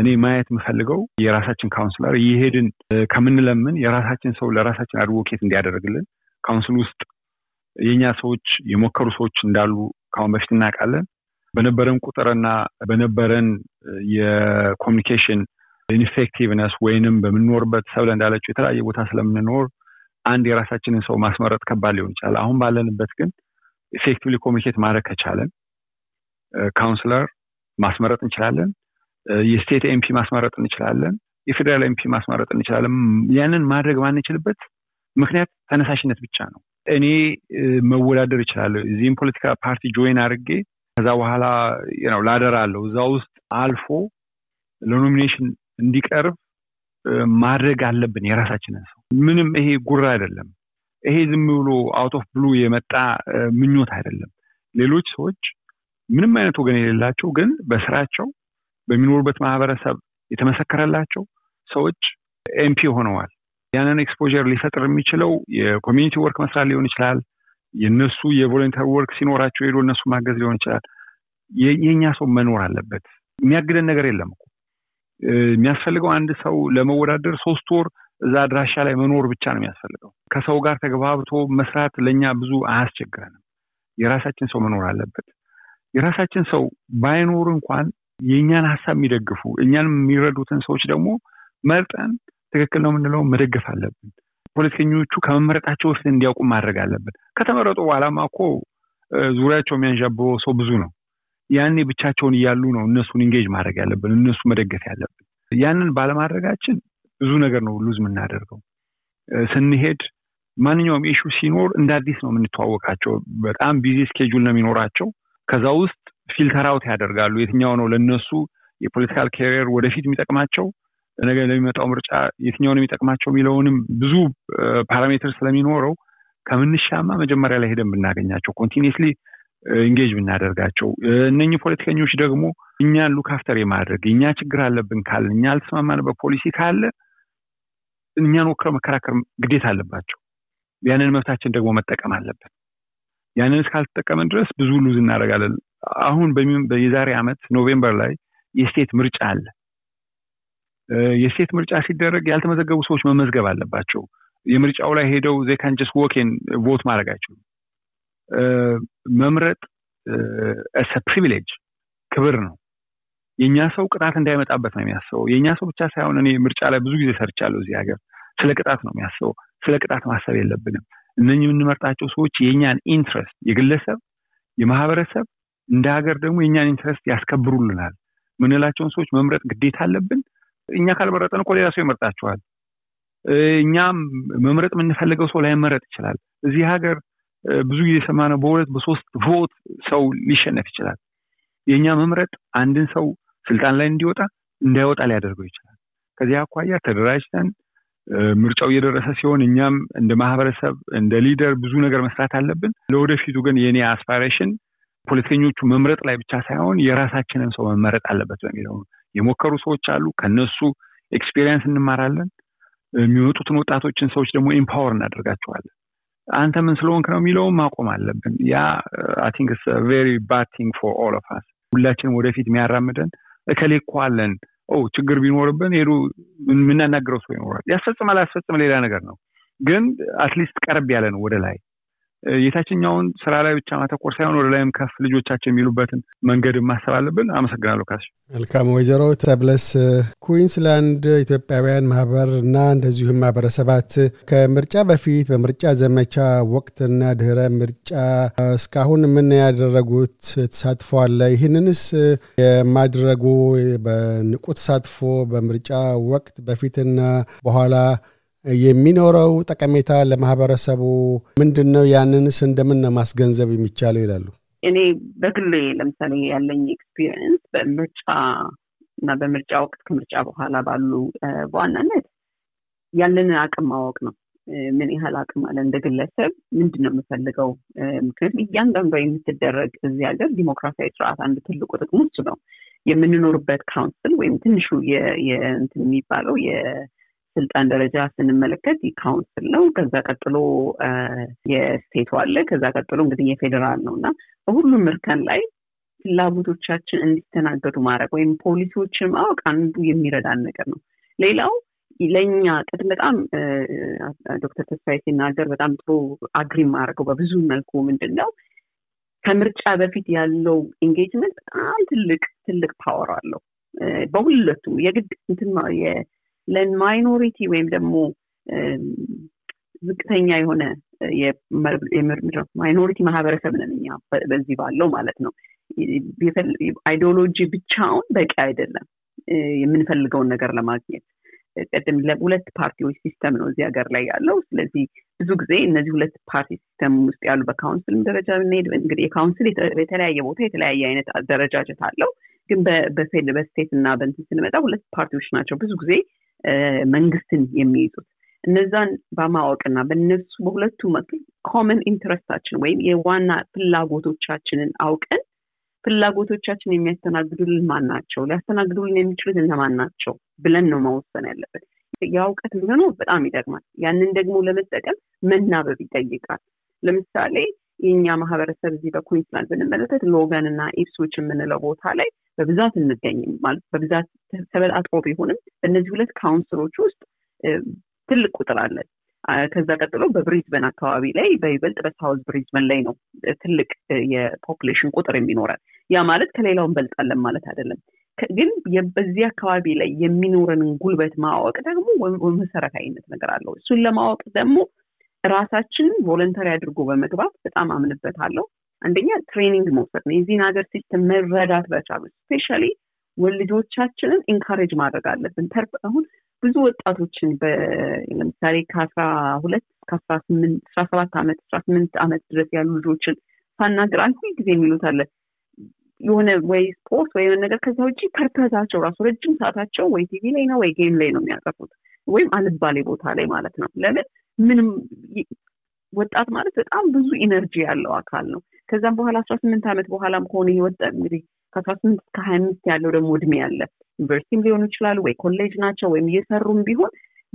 እኔ ማየት የምፈልገው የራሳችን ካውንስለር እየሄድን ከምንለምን የራሳችን ሰው ለራሳችን አድቮኬት እንዲያደርግልን ካውንስል ውስጥ የእኛ ሰዎች የሞከሩ ሰዎች እንዳሉ ካሁን በፊት እናውቃለን። በነበረን ቁጥርና በነበረን የኮሚኒኬሽን ኢንፌክቲቭነስ ወይንም በምንኖርበት ሰብለ እንዳለችው የተለያየ ቦታ ስለምንኖር አንድ የራሳችንን ሰው ማስመረጥ ከባድ ሊሆን ይችላል። አሁን ባለንበት ግን ኢፌክቲቭሊ ኮሚኒኬት ማድረግ ከቻለን ካውንስለር ማስመረጥ እንችላለን። የስቴት ኤምፒ ማስመረጥ እንችላለን። የፌዴራል ኤምፒ ማስመረጥ እንችላለን። ያንን ማድረግ ማንችልበት ምክንያት ተነሳሽነት ብቻ ነው። እኔ መወዳደር እችላለሁ። እዚህም ፖለቲካ ፓርቲ ጆይን አድርጌ ከዛ በኋላ ነው አለው እዛ ውስጥ አልፎ ለኖሚኔሽን እንዲቀርብ ማድረግ አለብን። የራሳችንን ሰው ምንም ይሄ ጉራ አይደለም። ይሄ ዝም ብሎ አውት ኦፍ ብሉ የመጣ ምኞት አይደለም። ሌሎች ሰዎች ምንም አይነት ወገን የሌላቸው ግን በስራቸው በሚኖሩበት ማህበረሰብ የተመሰከረላቸው ሰዎች ኤምፒ ሆነዋል። ያንን ኤክስፖር ሊፈጥር የሚችለው የኮሚኒቲ ወርክ መስራት ሊሆን ይችላል። የነሱ የቮለንተር ወርክ ሲኖራቸው ሄዶ እነሱ ማገዝ ሊሆን ይችላል። የእኛ ሰው መኖር አለበት። የሚያግደን ነገር የለም የሚያስፈልገው አንድ ሰው ለመወዳደር ሶስት ወር እዛ አድራሻ ላይ መኖር ብቻ ነው የሚያስፈልገው። ከሰው ጋር ተግባብቶ መስራት ለእኛ ብዙ አያስቸግረንም። የራሳችን ሰው መኖር አለበት። የራሳችን ሰው ባይኖር እንኳን የእኛን ሀሳብ የሚደግፉ እኛን የሚረዱትን ሰዎች ደግሞ መርጠን ትክክል ነው የምንለው መደገፍ አለብን። ፖለቲከኞቹ ከመመረጣቸው በፊት እንዲያውቁ ማድረግ አለብን። ከተመረጡ በኋላማ እኮ ዙሪያቸው የሚያንዣብበው ሰው ብዙ ነው። ያኔ ብቻቸውን እያሉ ነው እነሱን ኢንጌጅ ማድረግ ያለብን፣ እነሱ መደገፍ ያለብን። ያንን ባለማድረጋችን ብዙ ነገር ነው ሉዝ የምናደርገው። ስንሄድ ማንኛውም ኢሹ ሲኖር እንደ አዲስ ነው የምንተዋወቃቸው። በጣም ቢዚ ስኬጁል ነው የሚኖራቸው። ከዛ ውስጥ ፊልተር አውት ያደርጋሉ። የትኛው ነው ለእነሱ የፖለቲካል ካሪየር ወደፊት የሚጠቅማቸው ነገ ለሚመጣው ምርጫ የትኛውን የሚጠቅማቸው የሚለውንም ብዙ ፓራሜትር ስለሚኖረው ከምንሻማ መጀመሪያ ላይ ሄደን ብናገኛቸው ኮንቲኒስሊ ኢንጌጅ ብናደርጋቸው እነኚህ ፖለቲከኞች ደግሞ እኛን ሉክ አፍተር የማድረግ እኛ ችግር አለብን ካለ እኛ አልተስማማንበት ፖሊሲ ካለ እኛን ወክረው መከራከር ግዴታ አለባቸው። ያንን መብታችን ደግሞ መጠቀም አለብን። ያንን እስካልተጠቀመን ድረስ ብዙ ሉዝ እናደርጋለን። አሁን የዛሬ ዓመት ኖቬምበር ላይ የስቴት ምርጫ አለ። የስቴት ምርጫ ሲደረግ ያልተመዘገቡ ሰዎች መመዝገብ አለባቸው። የምርጫው ላይ ሄደው ዜካንጀስ ወኬን ቮት ማድረግ አይችሉም። መምረጥ ፕሪቪሌጅ ክብር ነው። የእኛ ሰው ቅጣት እንዳይመጣበት ነው የሚያስበው። የእኛ ሰው ብቻ ሳይሆን እኔ ምርጫ ላይ ብዙ ጊዜ ሰርቻለሁ። እዚህ ሀገር ስለ ቅጣት ነው የሚያስበው። ስለ ቅጣት ማሰብ የለብንም። እነ የምንመርጣቸው ሰዎች የእኛን ኢንትረስት የግለሰብ፣ የማህበረሰብ እንደ ሀገር ደግሞ የእኛን ኢንትረስት ያስከብሩልናል ምንላቸውን ሰዎች መምረጥ ግዴታ አለብን። እኛ ካልመረጠን እኮ ሌላ ሰው ይመርጣቸዋል። እኛም መምረጥ የምንፈልገው ሰው ላይመረጥ ይችላል። እዚህ ሀገር ብዙ ጊዜ የሰማነው በሁለት በሶስት ቮት ሰው ሊሸነፍ ይችላል። የእኛ መምረጥ አንድን ሰው ስልጣን ላይ እንዲወጣ እንዳይወጣ ሊያደርገው ይችላል። ከዚህ አኳያ ተደራጅተን ምርጫው እየደረሰ ሲሆን እኛም እንደ ማህበረሰብ እንደ ሊደር ብዙ ነገር መስራት አለብን። ለወደፊቱ ግን የኔ አስፓሬሽን ፖለቲከኞቹ መምረጥ ላይ ብቻ ሳይሆን የራሳችንን ሰው መመረጥ አለበት በሚለው የሞከሩ ሰዎች አሉ። ከነሱ ኤክስፔሪየንስ እንማራለን። የሚወጡትን ወጣቶችን ሰዎች ደግሞ ኢምፓወር እናደርጋቸዋለን። አንተ ምን ስለሆንክ ነው የሚለው ማቆም አለብን። ያ አይ ቲንክ ቬሪ ባድ ቲንግ ፎር ኦል ኦፍ አስ። ሁላችንም ወደፊት የሚያራምደን እከሌ ኦ ችግር ቢኖርብን ሄዱ የምናናግረው ሰው ይኖራል። ያስፈጽም አላስፈጽም ሌላ ነገር ነው፣ ግን አትሊስት ቀረብ ያለ ነው ወደ ላይ የታችኛውን ስራ ላይ ብቻ ማተኮር ሳይሆን ወደ ላይም ከፍ ልጆቻቸው የሚሉበትን መንገድ ማሰብ አለብን። አመሰግናለሁ። ካስ መልካም። ወይዘሮ ተብለስ ኩዊንስላንድ ኢትዮጵያውያን ማህበር እና እንደዚሁም ማህበረሰባት ከምርጫ በፊት በምርጫ ዘመቻ ወቅትና ድህረ ምርጫ እስካሁን ምን ያደረጉት ተሳትፎ አለ? ይህንንስ የማድረጉ በንቁ ተሳትፎ በምርጫ ወቅት በፊትና በኋላ የሚኖረው ጠቀሜታ ለማህበረሰቡ ምንድን ነው? ያንንስ እንደምን ነው ማስገንዘብ የሚቻለው ይላሉ። እኔ በግሌ ለምሳሌ ያለኝ ኤክስፒሪየንስ በምርጫ እና በምርጫ ወቅት ከምርጫ በኋላ ባሉ በዋናነት ያለንን አቅም ማወቅ ነው። ምን ያህል አቅም አለ እንደ ግለሰብ ምንድን ነው የምፈልገው? ምክንያቱም እያንዳንዷ የምትደረግ እዚህ ሀገር ዲሞክራሲያዊ ስርዓት አንድ ትልቁ ጥቅሙ እሱ ነው። የምንኖርበት ካውንስል ወይም ትንሹ እንትን የሚባለው ስልጣን ደረጃ ስንመለከት ካውንስል ነው። ከዛ ቀጥሎ የስቴቱ አለ። ከዛ ቀጥሎ እንግዲህ የፌዴራል ነው እና በሁሉም እርከን ላይ ፍላጎቶቻችን እንዲተናገዱ ማድረግ ወይም ፖሊሲዎችን ማወቅ አንዱ የሚረዳን ነገር ነው። ሌላው ለእኛ ቅድም በጣም ዶክተር ተስፋይ ሲናገር በጣም ጥሩ አግሪ ማድረገው በብዙ መልኩ ምንድን ነው ከምርጫ በፊት ያለው ኢንጌጅመንት በጣም ትልቅ ትልቅ ፓወር አለው። በሁለቱም የግድ ለማይኖሪቲ ወይም ደግሞ ዝቅተኛ የሆነ ማይኖሪቲ ማህበረሰብ ነን እኛ በዚህ ባለው ማለት ነው። አይዲዮሎጂ ብቻውን በቂ አይደለም የምንፈልገውን ነገር ለማግኘት። ቅድም ለሁለት ፓርቲዎች ሲስተም ነው እዚህ ሀገር ላይ ያለው። ስለዚህ ብዙ ጊዜ እነዚህ ሁለት ፓርቲ ሲስተም ውስጥ ያሉ በካውንስልም ደረጃ ብንሄድ እንግዲህ የካውንስል የተለያየ ቦታ የተለያየ አይነት አደረጃጀት አለው። ግን በስቴት እና በንትን ስንመጣ ሁለት ፓርቲዎች ናቸው ብዙ ጊዜ መንግስትን የሚይዙት እነዛን በማወቅና በነሱ በሁለቱ ኮመን ኢንትረስታችን ወይም የዋና ፍላጎቶቻችንን አውቀን ፍላጎቶቻችን የሚያስተናግዱልን ማን ናቸው፣ ሊያስተናግዱልን የሚችሉት እነማን ናቸው ብለን ነው መወሰን ያለበት። የእውቀት መኖር በጣም ይጠቅማል። ያንን ደግሞ ለመጠቀም መናበብ ይጠይቃል። ለምሳሌ የእኛ ማህበረሰብ እዚህ በኩዊንስላንድ ብንመለከት ሎገን እና ኢፕስዊች የምንለው ቦታ ላይ በብዛት እንገኝም ማለት በብዛት ተበጣጥሮ ቢሆንም በእነዚህ ሁለት ካውንስሎች ውስጥ ትልቅ ቁጥር አለን። ከዛ ቀጥሎ በብሪዝበን አካባቢ ላይ በይበልጥ በሳውዝ ብሪዝበን ላይ ነው ትልቅ የፖፕሌሽን ቁጥር የሚኖረን። ያ ማለት ከሌላው እንበልጣለን ማለት አይደለም። ግን በዚህ አካባቢ ላይ የሚኖረንን ጉልበት ማወቅ ደግሞ መሰረታዊነት ነገር አለው። እሱን ለማወቅ ደግሞ ራሳችንን ቮለንተሪ አድርጎ በመግባት በጣም አምንበታለሁ። አንደኛ ትሬኒንግ መውሰድ ነው። የዚህን ሀገር ሲስተም መረዳት በቻሉ ስፔሻ ወልጆቻችንን ኢንካሬጅ ማድረግ አለብን። ተርፍ አሁን ብዙ ወጣቶችን ለምሳሌ ከአስራ ሁለት ከአስራ ስምንት አስራ ሰባት አመት አስራ ስምንት አመት ድረስ ያሉ ልጆችን ሳናገር አንድ ጊዜ የሚሉት አለ የሆነ ወይ ስፖርት ወይ ነገር ከዛ ውጭ ፐርፐዛቸው ራሱ ረጅም ሰዓታቸው ወይ ቲቪ ላይ ነው ወይ ጌም ላይ ነው የሚያጠፉት ወይም አልባሌ ቦታ ላይ ማለት ነው። ለምን ምንም ወጣት ማለት በጣም ብዙ ኢነርጂ ያለው አካል ነው። ከዛም በኋላ አስራ ስምንት ዓመት በኋላም ከሆነ ህይወት እንግዲህ ከአስራ ስምንት እስከ ሀያ አምስት ያለው ደግሞ እድሜ ያለ ዩኒቨርሲቲም ሊሆኑ ይችላሉ ወይ ኮሌጅ ናቸው ወይም እየሰሩም ቢሆን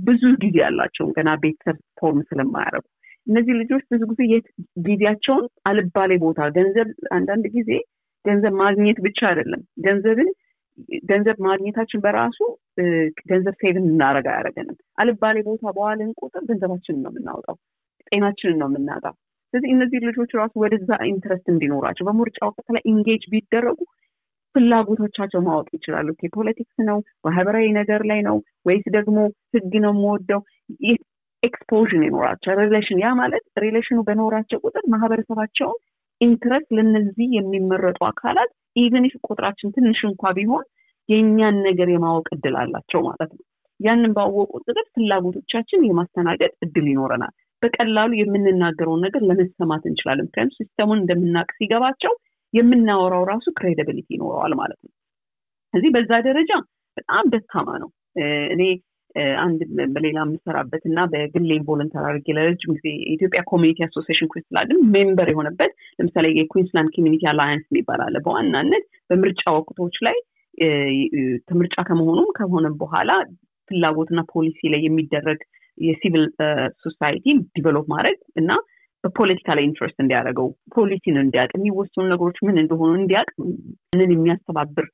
ብዙ ጊዜ ያላቸውን ገና ቤተሰብ ፎርም ስለማያደርጉ እነዚህ ልጆች ብዙ ጊዜ የት ጊዜያቸውን አልባሌ ቦታ ገንዘብ አንዳንድ ጊዜ ገንዘብ ማግኘት ብቻ አይደለም ገንዘብን ገንዘብ ማግኘታችን በራሱ ገንዘብ ሴቭን እናደረግ አያደረገንም። አልባሌ ቦታ በዋለን ቁጥር ገንዘባችንን ነው የምናወጣው፣ ጤናችንን ነው የምናጣው። ስለዚህ እነዚህ ልጆች ራሱ ወደዛ ኢንትረስት እንዲኖራቸው በምርጫ ወቅት ላይ ኢንጌጅ ቢደረጉ ፍላጎቶቻቸው ማወቅ ይችላሉ። ፖለቲክስ ነው ማህበራዊ ነገር ላይ ነው ወይስ ደግሞ ህግ ነው የምወደው ኤክስፖዥን ይኖራቸው ሪሌሽን ያ ማለት ሪሌሽኑ በኖራቸው ቁጥር ማህበረሰባቸውን ኢንትረስት ለነዚህ የሚመረጡ አካላት ኢቨን ኢፍ ቁጥራችን ትንሽ እንኳ ቢሆን የእኛን ነገር የማወቅ እድል አላቸው ማለት ነው። ያንን ባወቁ ቁጥር ፍላጎቶቻችን የማስተናገድ እድል ይኖረናል። በቀላሉ የምንናገረውን ነገር ለመሰማት እንችላለን። ምክንያቱም ሲስተሙን እንደምናቅ ሲገባቸው የምናወራው ራሱ ክሬዲብሊቲ ይኖረዋል ማለት ነው። እዚህ በዛ ደረጃ በጣም ደካማ ነው። እኔ አንድ በሌላ የምሰራበት እና በግሌ ቮለንተር አድርጌ ለረጅም ጊዜ የኢትዮጵያ ኮሚኒቲ አሶሲሽን ኩንስላንድን ሜምበር የሆነበት ለምሳሌ የኩንስላንድ ኮሚኒቲ አላያንስ የሚባል አለ። በዋናነት በምርጫ ወቅቶች ላይ ምርጫ ከመሆኑም ከሆነ በኋላ ፍላጎትና ፖሊሲ ላይ የሚደረግ የሲቪል ሶሳይቲ ዲቨሎፕ ማድረግ እና በፖለቲካ ላይ ኢንትረስት እንዲያደረገው ፖሊሲን እንዲያቅ የሚወሰኑ ነገሮች ምን እንደሆኑ እንዲያቅ ምን የሚያስተባብር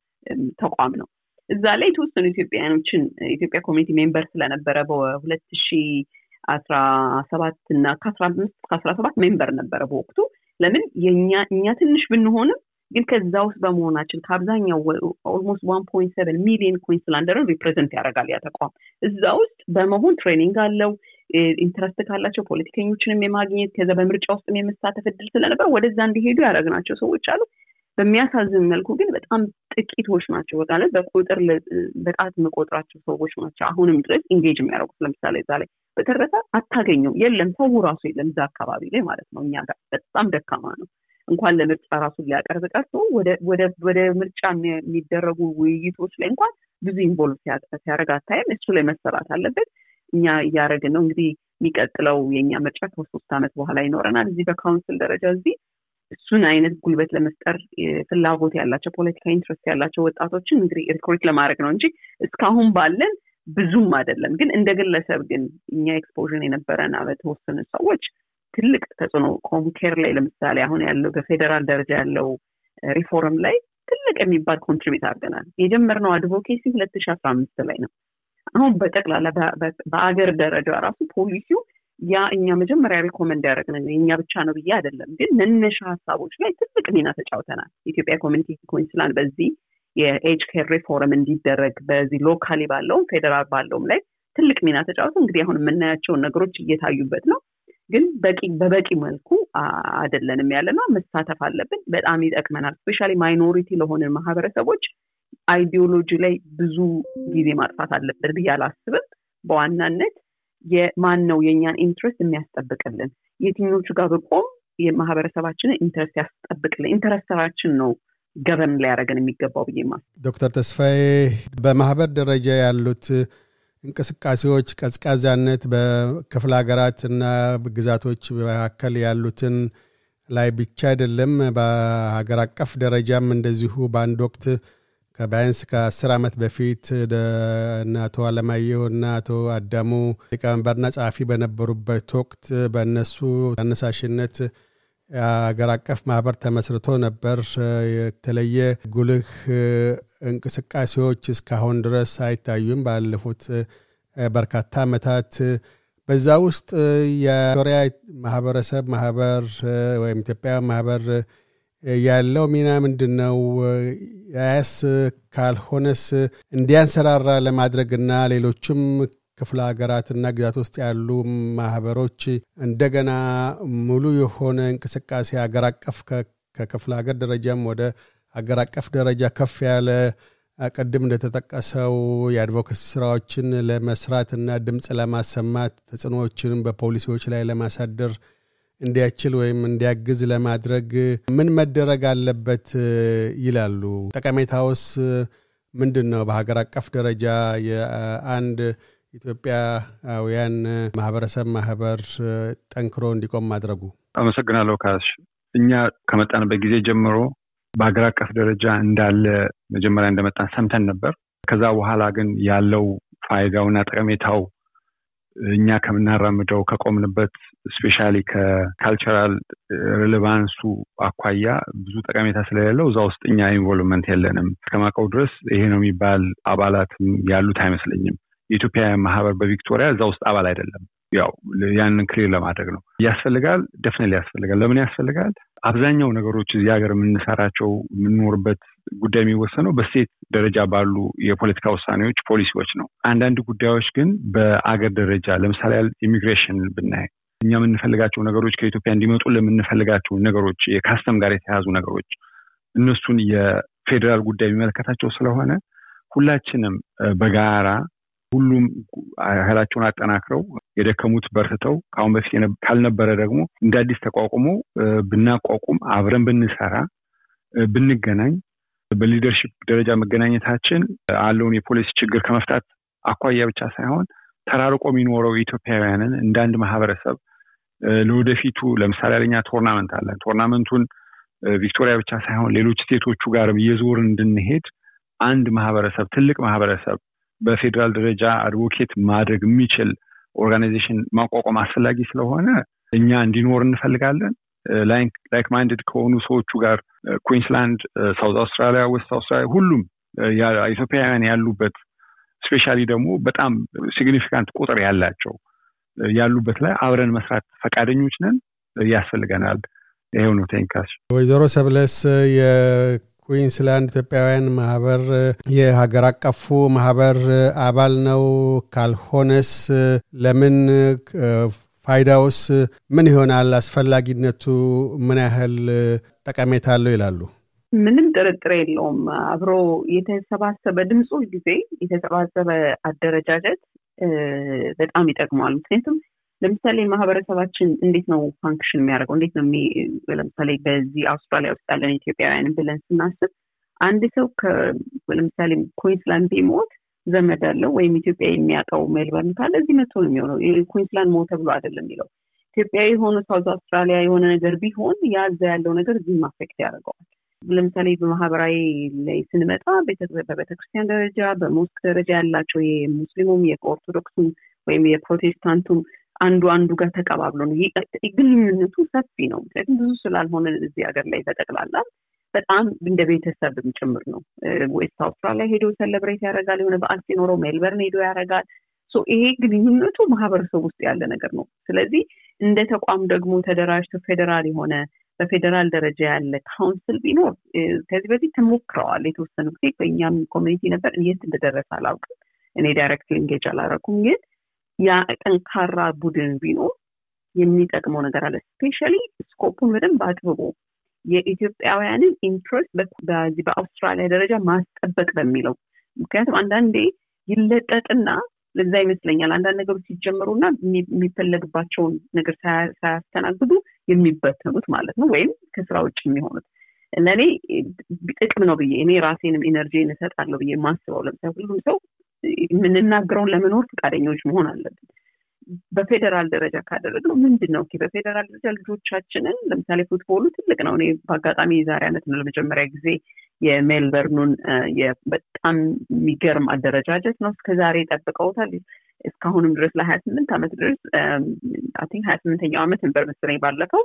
ተቋም ነው። እዛ ላይ የተወሰኑ ኢትዮጵያውያኖችን ኢትዮጵያ ኮሚኒቲ ሜምበር ስለነበረ በሁለት ሺ አስራ ሰባት እና ከአስራ አምስት ከአስራ ሰባት ሜምበር ነበረ በወቅቱ ለምን የእኛ እኛ ትንሽ ብንሆንም ግን ከዛ ውስጥ በመሆናችን ከአብዛኛው ኦልሞስት ዋን ፖይንት ሰቨን ሚሊዮን ኩንስላንደርን ሪፕሬዘንት ያደርጋል ያ ተቋም። እዛ ውስጥ በመሆን ትሬኒንግ አለው። ኢንትረስት ካላቸው ፖለቲከኞችንም የማግኘት ከዛ በምርጫ ውስጥ የመሳተፍ እድል ስለነበር ወደዛ እንዲሄዱ ያደረግናቸው ሰዎች አሉ። በሚያሳዝን መልኩ ግን በጣም ጥቂቶች ናቸው። በቃለት በቁጥር በጣት መቆጥራቸው ሰዎች ናቸው አሁንም ድረስ ኢንጌጅ የሚያደርጉት ለምሳሌ እዛ ላይ። በተረፈ አታገኘው የለም፣ ሰው ራሱ የለም እዛ አካባቢ ላይ ማለት ነው። እኛ ጋር በጣም ደካማ ነው። እንኳን ለምርጫ ራሱ ሊያቀርብ ቀርቶ ወደ ምርጫ የሚደረጉ ውይይቶች ላይ እንኳን ብዙ ኢንቮልቭ ሲያደረግ አታይም። እሱ ላይ መሰራት አለበት። እኛ እያደረግን ነው። እንግዲህ የሚቀጥለው የእኛ ምርጫ ከሶስት ዓመት በኋላ ይኖረናል። እዚህ በካውንስል ደረጃ እዚህ እሱን አይነት ጉልበት ለመፍጠር ፍላጎት ያላቸው ፖለቲካ ኢንትረስት ያላቸው ወጣቶችን እንግዲህ ሪኮርድ ለማድረግ ነው እንጂ እስካሁን ባለን ብዙም አይደለም። ግን እንደ ግለሰብ ግን እኛ ኤክስፖዥን የነበረን በተወሰኑ ሰዎች ትልቅ ተጽዕኖ ኮምኬር ላይ ለምሳሌ አሁን ያለው በፌዴራል ደረጃ ያለው ሪፎርም ላይ ትልቅ የሚባል ኮንትሪቢዩት አድርገናል። የጀመርነው አድቮኬሲ ሁለት ሺ አስራ አምስት ላይ ነው። አሁን በጠቅላላ በአገር ደረጃ ራሱ ፖሊሲው ያ እኛ መጀመሪያ ሪኮመንድ ያደረግን የእኛ ብቻ ነው ብዬ አይደለም፣ ግን መነሻ ሀሳቦች ላይ ትልቅ ሚና ተጫውተናል። ኢትዮጵያ ኮሚኒቲ ኮንስላን በዚህ የኤጅ ኬር ሪፎርም እንዲደረግ በዚህ ሎካሊ ባለውም ፌዴራል ባለውም ላይ ትልቅ ሚና ተጫውቶ እንግዲህ አሁን የምናያቸውን ነገሮች እየታዩበት ነው። ግን በቂ በበቂ መልኩ አይደለንም ያለ ነው። መሳተፍ አለብን። በጣም ይጠቅመናል። ስፔሻ ማይኖሪቲ ለሆነ ማህበረሰቦች አይዲዮሎጂ ላይ ብዙ ጊዜ ማጥፋት አለብን ብዬ አላስብም። በዋናነት የማን ነው የእኛን ኢንትረስት የሚያስጠብቅልን የትኞቹ ጋር ብቆም የማህበረሰባችንን ኢንትረስት ያስጠብቅልን ኢንተረስታችን ነው ገበን ሊያደረገን የሚገባው ብዬ ማ ዶክተር ተስፋዬ በማህበር ደረጃ ያሉት እንቅስቃሴዎች ቀዝቃዛነት በክፍለ ሀገራትና ግዛቶች መካከል ያሉትን ላይ ብቻ አይደለም፣ በሀገር አቀፍ ደረጃም እንደዚሁ በአንድ ወቅት ከቢያንስ ከአስር ዓመት በፊት እነ አቶ አለማየሁ እና አቶ አዳሙ ሊቀመንበርና ጸሐፊ በነበሩበት ወቅት በእነሱ አነሳሽነት አገር አቀፍ ማህበር ተመስርቶ ነበር። የተለየ ጉልህ እንቅስቃሴዎች እስካሁን ድረስ አይታዩም። ባለፉት በርካታ ዓመታት በዛ ውስጥ የሶሪያ ማህበረሰብ ማህበር ወይም ኢትዮጵያ ማህበር ያለው ሚና ምንድን ነው? ያስ ካልሆነስ እንዲያንሰራራ ለማድረግና ሌሎችም ክፍለ ሀገራትና ግዛት ውስጥ ያሉ ማህበሮች እንደገና ሙሉ የሆነ እንቅስቃሴ አገር አቀፍ ከክፍለ ሀገር ደረጃም ወደ አገር አቀፍ ደረጃ ከፍ ያለ ቅድም እንደተጠቀሰው የአድቮኬሲ ስራዎችን ለመስራትና ድምፅ ለማሰማት ተጽዕኖዎችንም በፖሊሲዎች ላይ ለማሳደር እንዲያችል ወይም እንዲያግዝ ለማድረግ ምን መደረግ አለበት ይላሉ? ጠቀሜታውስ ምንድን ነው? በሀገር አቀፍ ደረጃ የአንድ ኢትዮጵያውያን ማህበረሰብ ማህበር ጠንክሮ እንዲቆም ማድረጉ። አመሰግናለሁ ካሽ። እኛ ከመጣንበት ጊዜ ጀምሮ በሀገር አቀፍ ደረጃ እንዳለ መጀመሪያ እንደመጣን ሰምተን ነበር። ከዛ በኋላ ግን ያለው ፋይዳውና ጠቀሜታው እኛ ከምናራምደው ከቆምንበት ስፔሻሊ ከካልቸራል ሪሌቫንሱ አኳያ ብዙ ጠቀሜታ ስለሌለው እዛ ውስጥ እኛ ኢንቮልቭመንት የለንም። እስከማውቀው ድረስ ይሄ ነው የሚባል አባላትም ያሉት አይመስለኝም። የኢትዮጵያ ማህበር በቪክቶሪያ እዛ ውስጥ አባል አይደለም። ያው ያንን ክሊር ለማድረግ ነው። ያስፈልጋል፣ ደፍነ ያስፈልጋል። ለምን ያስፈልጋል? አብዛኛው ነገሮች እዚህ ሀገር የምንሰራቸው የምንኖርበት ጉዳይ የሚወሰነው በስቴት ደረጃ ባሉ የፖለቲካ ውሳኔዎች፣ ፖሊሲዎች ነው። አንዳንድ ጉዳዮች ግን በአገር ደረጃ ለምሳሌ ኢሚግሬሽን ብናይ እኛ የምንፈልጋቸው ነገሮች ከኢትዮጵያ እንዲመጡ ለምንፈልጋቸው ነገሮች የካስተም ጋር የተያዙ ነገሮች እነሱን የፌዴራል ጉዳይ የሚመለከታቸው ስለሆነ ሁላችንም በጋራ ሁሉም ኃይላቸውን አጠናክረው የደከሙት በርትተው ከአሁን በፊት ካልነበረ ደግሞ እንደ አዲስ ተቋቁሞ ብናቋቁም አብረን ብንሰራ ብንገናኝ በሊደርሽፕ ደረጃ መገናኘታችን አለውን የፖሊሲ ችግር ከመፍታት አኳያ ብቻ ሳይሆን ተራርቆ የሚኖረው ኢትዮጵያውያንን እንደ አንድ ማህበረሰብ ለወደፊቱ ለምሳሌ አለኛ ቶርናመንት አለን። ቶርናመንቱን ቪክቶሪያ ብቻ ሳይሆን ሌሎች ስቴቶቹ ጋር እየዞር እንድንሄድ አንድ ማህበረሰብ ትልቅ ማህበረሰብ በፌዴራል ደረጃ አድቮኬት ማድረግ የሚችል ኦርጋናይዜሽን ማቋቋም አስፈላጊ ስለሆነ እኛ እንዲኖር እንፈልጋለን። ላይክ ማይንድድ ከሆኑ ሰዎቹ ጋር ኩንስላንድ፣ ሳውት አውስትራሊያ፣ ወስት አውስትራሊያ ሁሉም ኢትዮጵያውያን ያሉበት ስፔሻሊ ደግሞ በጣም ሲግኒፊካንት ቁጥር ያላቸው ያሉበት ላይ አብረን መስራት ፈቃደኞች ነን። ያስፈልገናል። ይሄው ነው። ቴንካስ ወይዘሮ ሰብለስ ኩዊንስላንድ ኢትዮጵያውያን ማህበር የሀገር አቀፉ ማህበር አባል ነው? ካልሆነስ ለምን? ፋይዳውስ ምን ይሆናል? አስፈላጊነቱ ምን ያህል ጠቀሜታ አለው ይላሉ? ምንም ጥርጥር የለውም። አብሮ የተሰባሰበ ድምፁ ጊዜ የተሰባሰበ አደረጃጀት በጣም ይጠቅማል ምክንያቱም ለምሳሌ ማህበረሰባችን እንዴት ነው ፋንክሽን የሚያደርገው? እንዴት ነው ለምሳሌ በዚህ አውስትራሊያ ውስጥ ያለን ኢትዮጵያውያን ብለን ስናስብ አንድ ሰው ለምሳሌ ኩዊንስላንድ ቢሞት ዘመድ አለው ወይም ኢትዮጵያ የሚያውቀው ሜልበርን ካለ እዚህ መቶ ነው የሚሆነው። ኩዊንስላንድ ሞተ ብሎ አይደለም የሚለው። ኢትዮጵያ የሆነ ሳውዝ አውስትራሊያ የሆነ ነገር ቢሆን ያዛ ያለው ነገር እዚህ ማፌክት ያደርገዋል። ለምሳሌ በማህበራዊ ላይ ስንመጣ በቤተክርስቲያን ደረጃ በሞስክ ደረጃ ያላቸው የሙስሊሙም የኦርቶዶክሱም ወይም የፕሮቴስታንቱም አንዱ አንዱ ጋር ተቀባብሎ ነው። ግንኙነቱ ሰፊ ነው። ምክንያቱም ብዙ ስላልሆነ እዚህ ሀገር ላይ ተጠቅላላል በጣም እንደ ቤተሰብም ጭምር ነው። ዌስት አውስትራሊያ ሄዶ ሰለብሬት ያደረጋል የሆነ በአል ሲኖረው ሜልበርን ሄዶ ያደረጋል ይሄ ግንኙነቱ ማህበረሰብ ውስጥ ያለ ነገር ነው። ስለዚህ እንደ ተቋም ደግሞ ተደራጅቶ ፌዴራል የሆነ በፌዴራል ደረጃ ያለ ካውንስል ቢኖር ከዚህ በፊት ተሞክረዋል። የተወሰኑ ጊዜ በእኛም ኮሚኒቲ ነበር። የት እንደደረሰ አላውቅም። እኔ ዳይሬክት ሊንጌጅ አላረኩም ግን ያ ጠንካራ ቡድን ቢኖር የሚጠቅመው ነገር አለ። ስፔሻሊ ስኮፑን በደንብ አጥብቦ የኢትዮጵያውያንን ኢንትረስት በዚህ በአውስትራሊያ ደረጃ ማስጠበቅ በሚለው ምክንያቱም አንዳንዴ ይለጠጥና ለዛ ይመስለኛል አንዳንድ ነገሮች ሲጀመሩና የሚፈለግባቸውን ነገር ሳያስተናግዱ የሚበተኑት ማለት ነው፣ ወይም ከስራ ውጭ የሚሆኑት ለእኔ ጥቅም ነው ብዬ እኔ ራሴንም ኢነርጂ እንሰጣለሁ ብዬ ማስበው ለምሳሌ ሁሉም ሰው የምንናገረውን ለመኖር ፈቃደኞች መሆን አለብን። በፌዴራል ደረጃ ነው ምንድን ነው በፌዴራል ደረጃ ልጆቻችንን ለምሳሌ ፉትቦሉ ትልቅ ነው። እኔ በአጋጣሚ የዛሬ አነት ነው ለመጀመሪያ ጊዜ የሜልበርኑን በጣም የሚገርም አደረጃጀት ነው። እስከዛሬ ጠብቀውታል። እስካሁንም ድረስ ለሀያ ስምንት አመት ድረስ አይ ቲንክ ሀያ ስምንተኛው አመት ንበር መሰለኝ ባለፈው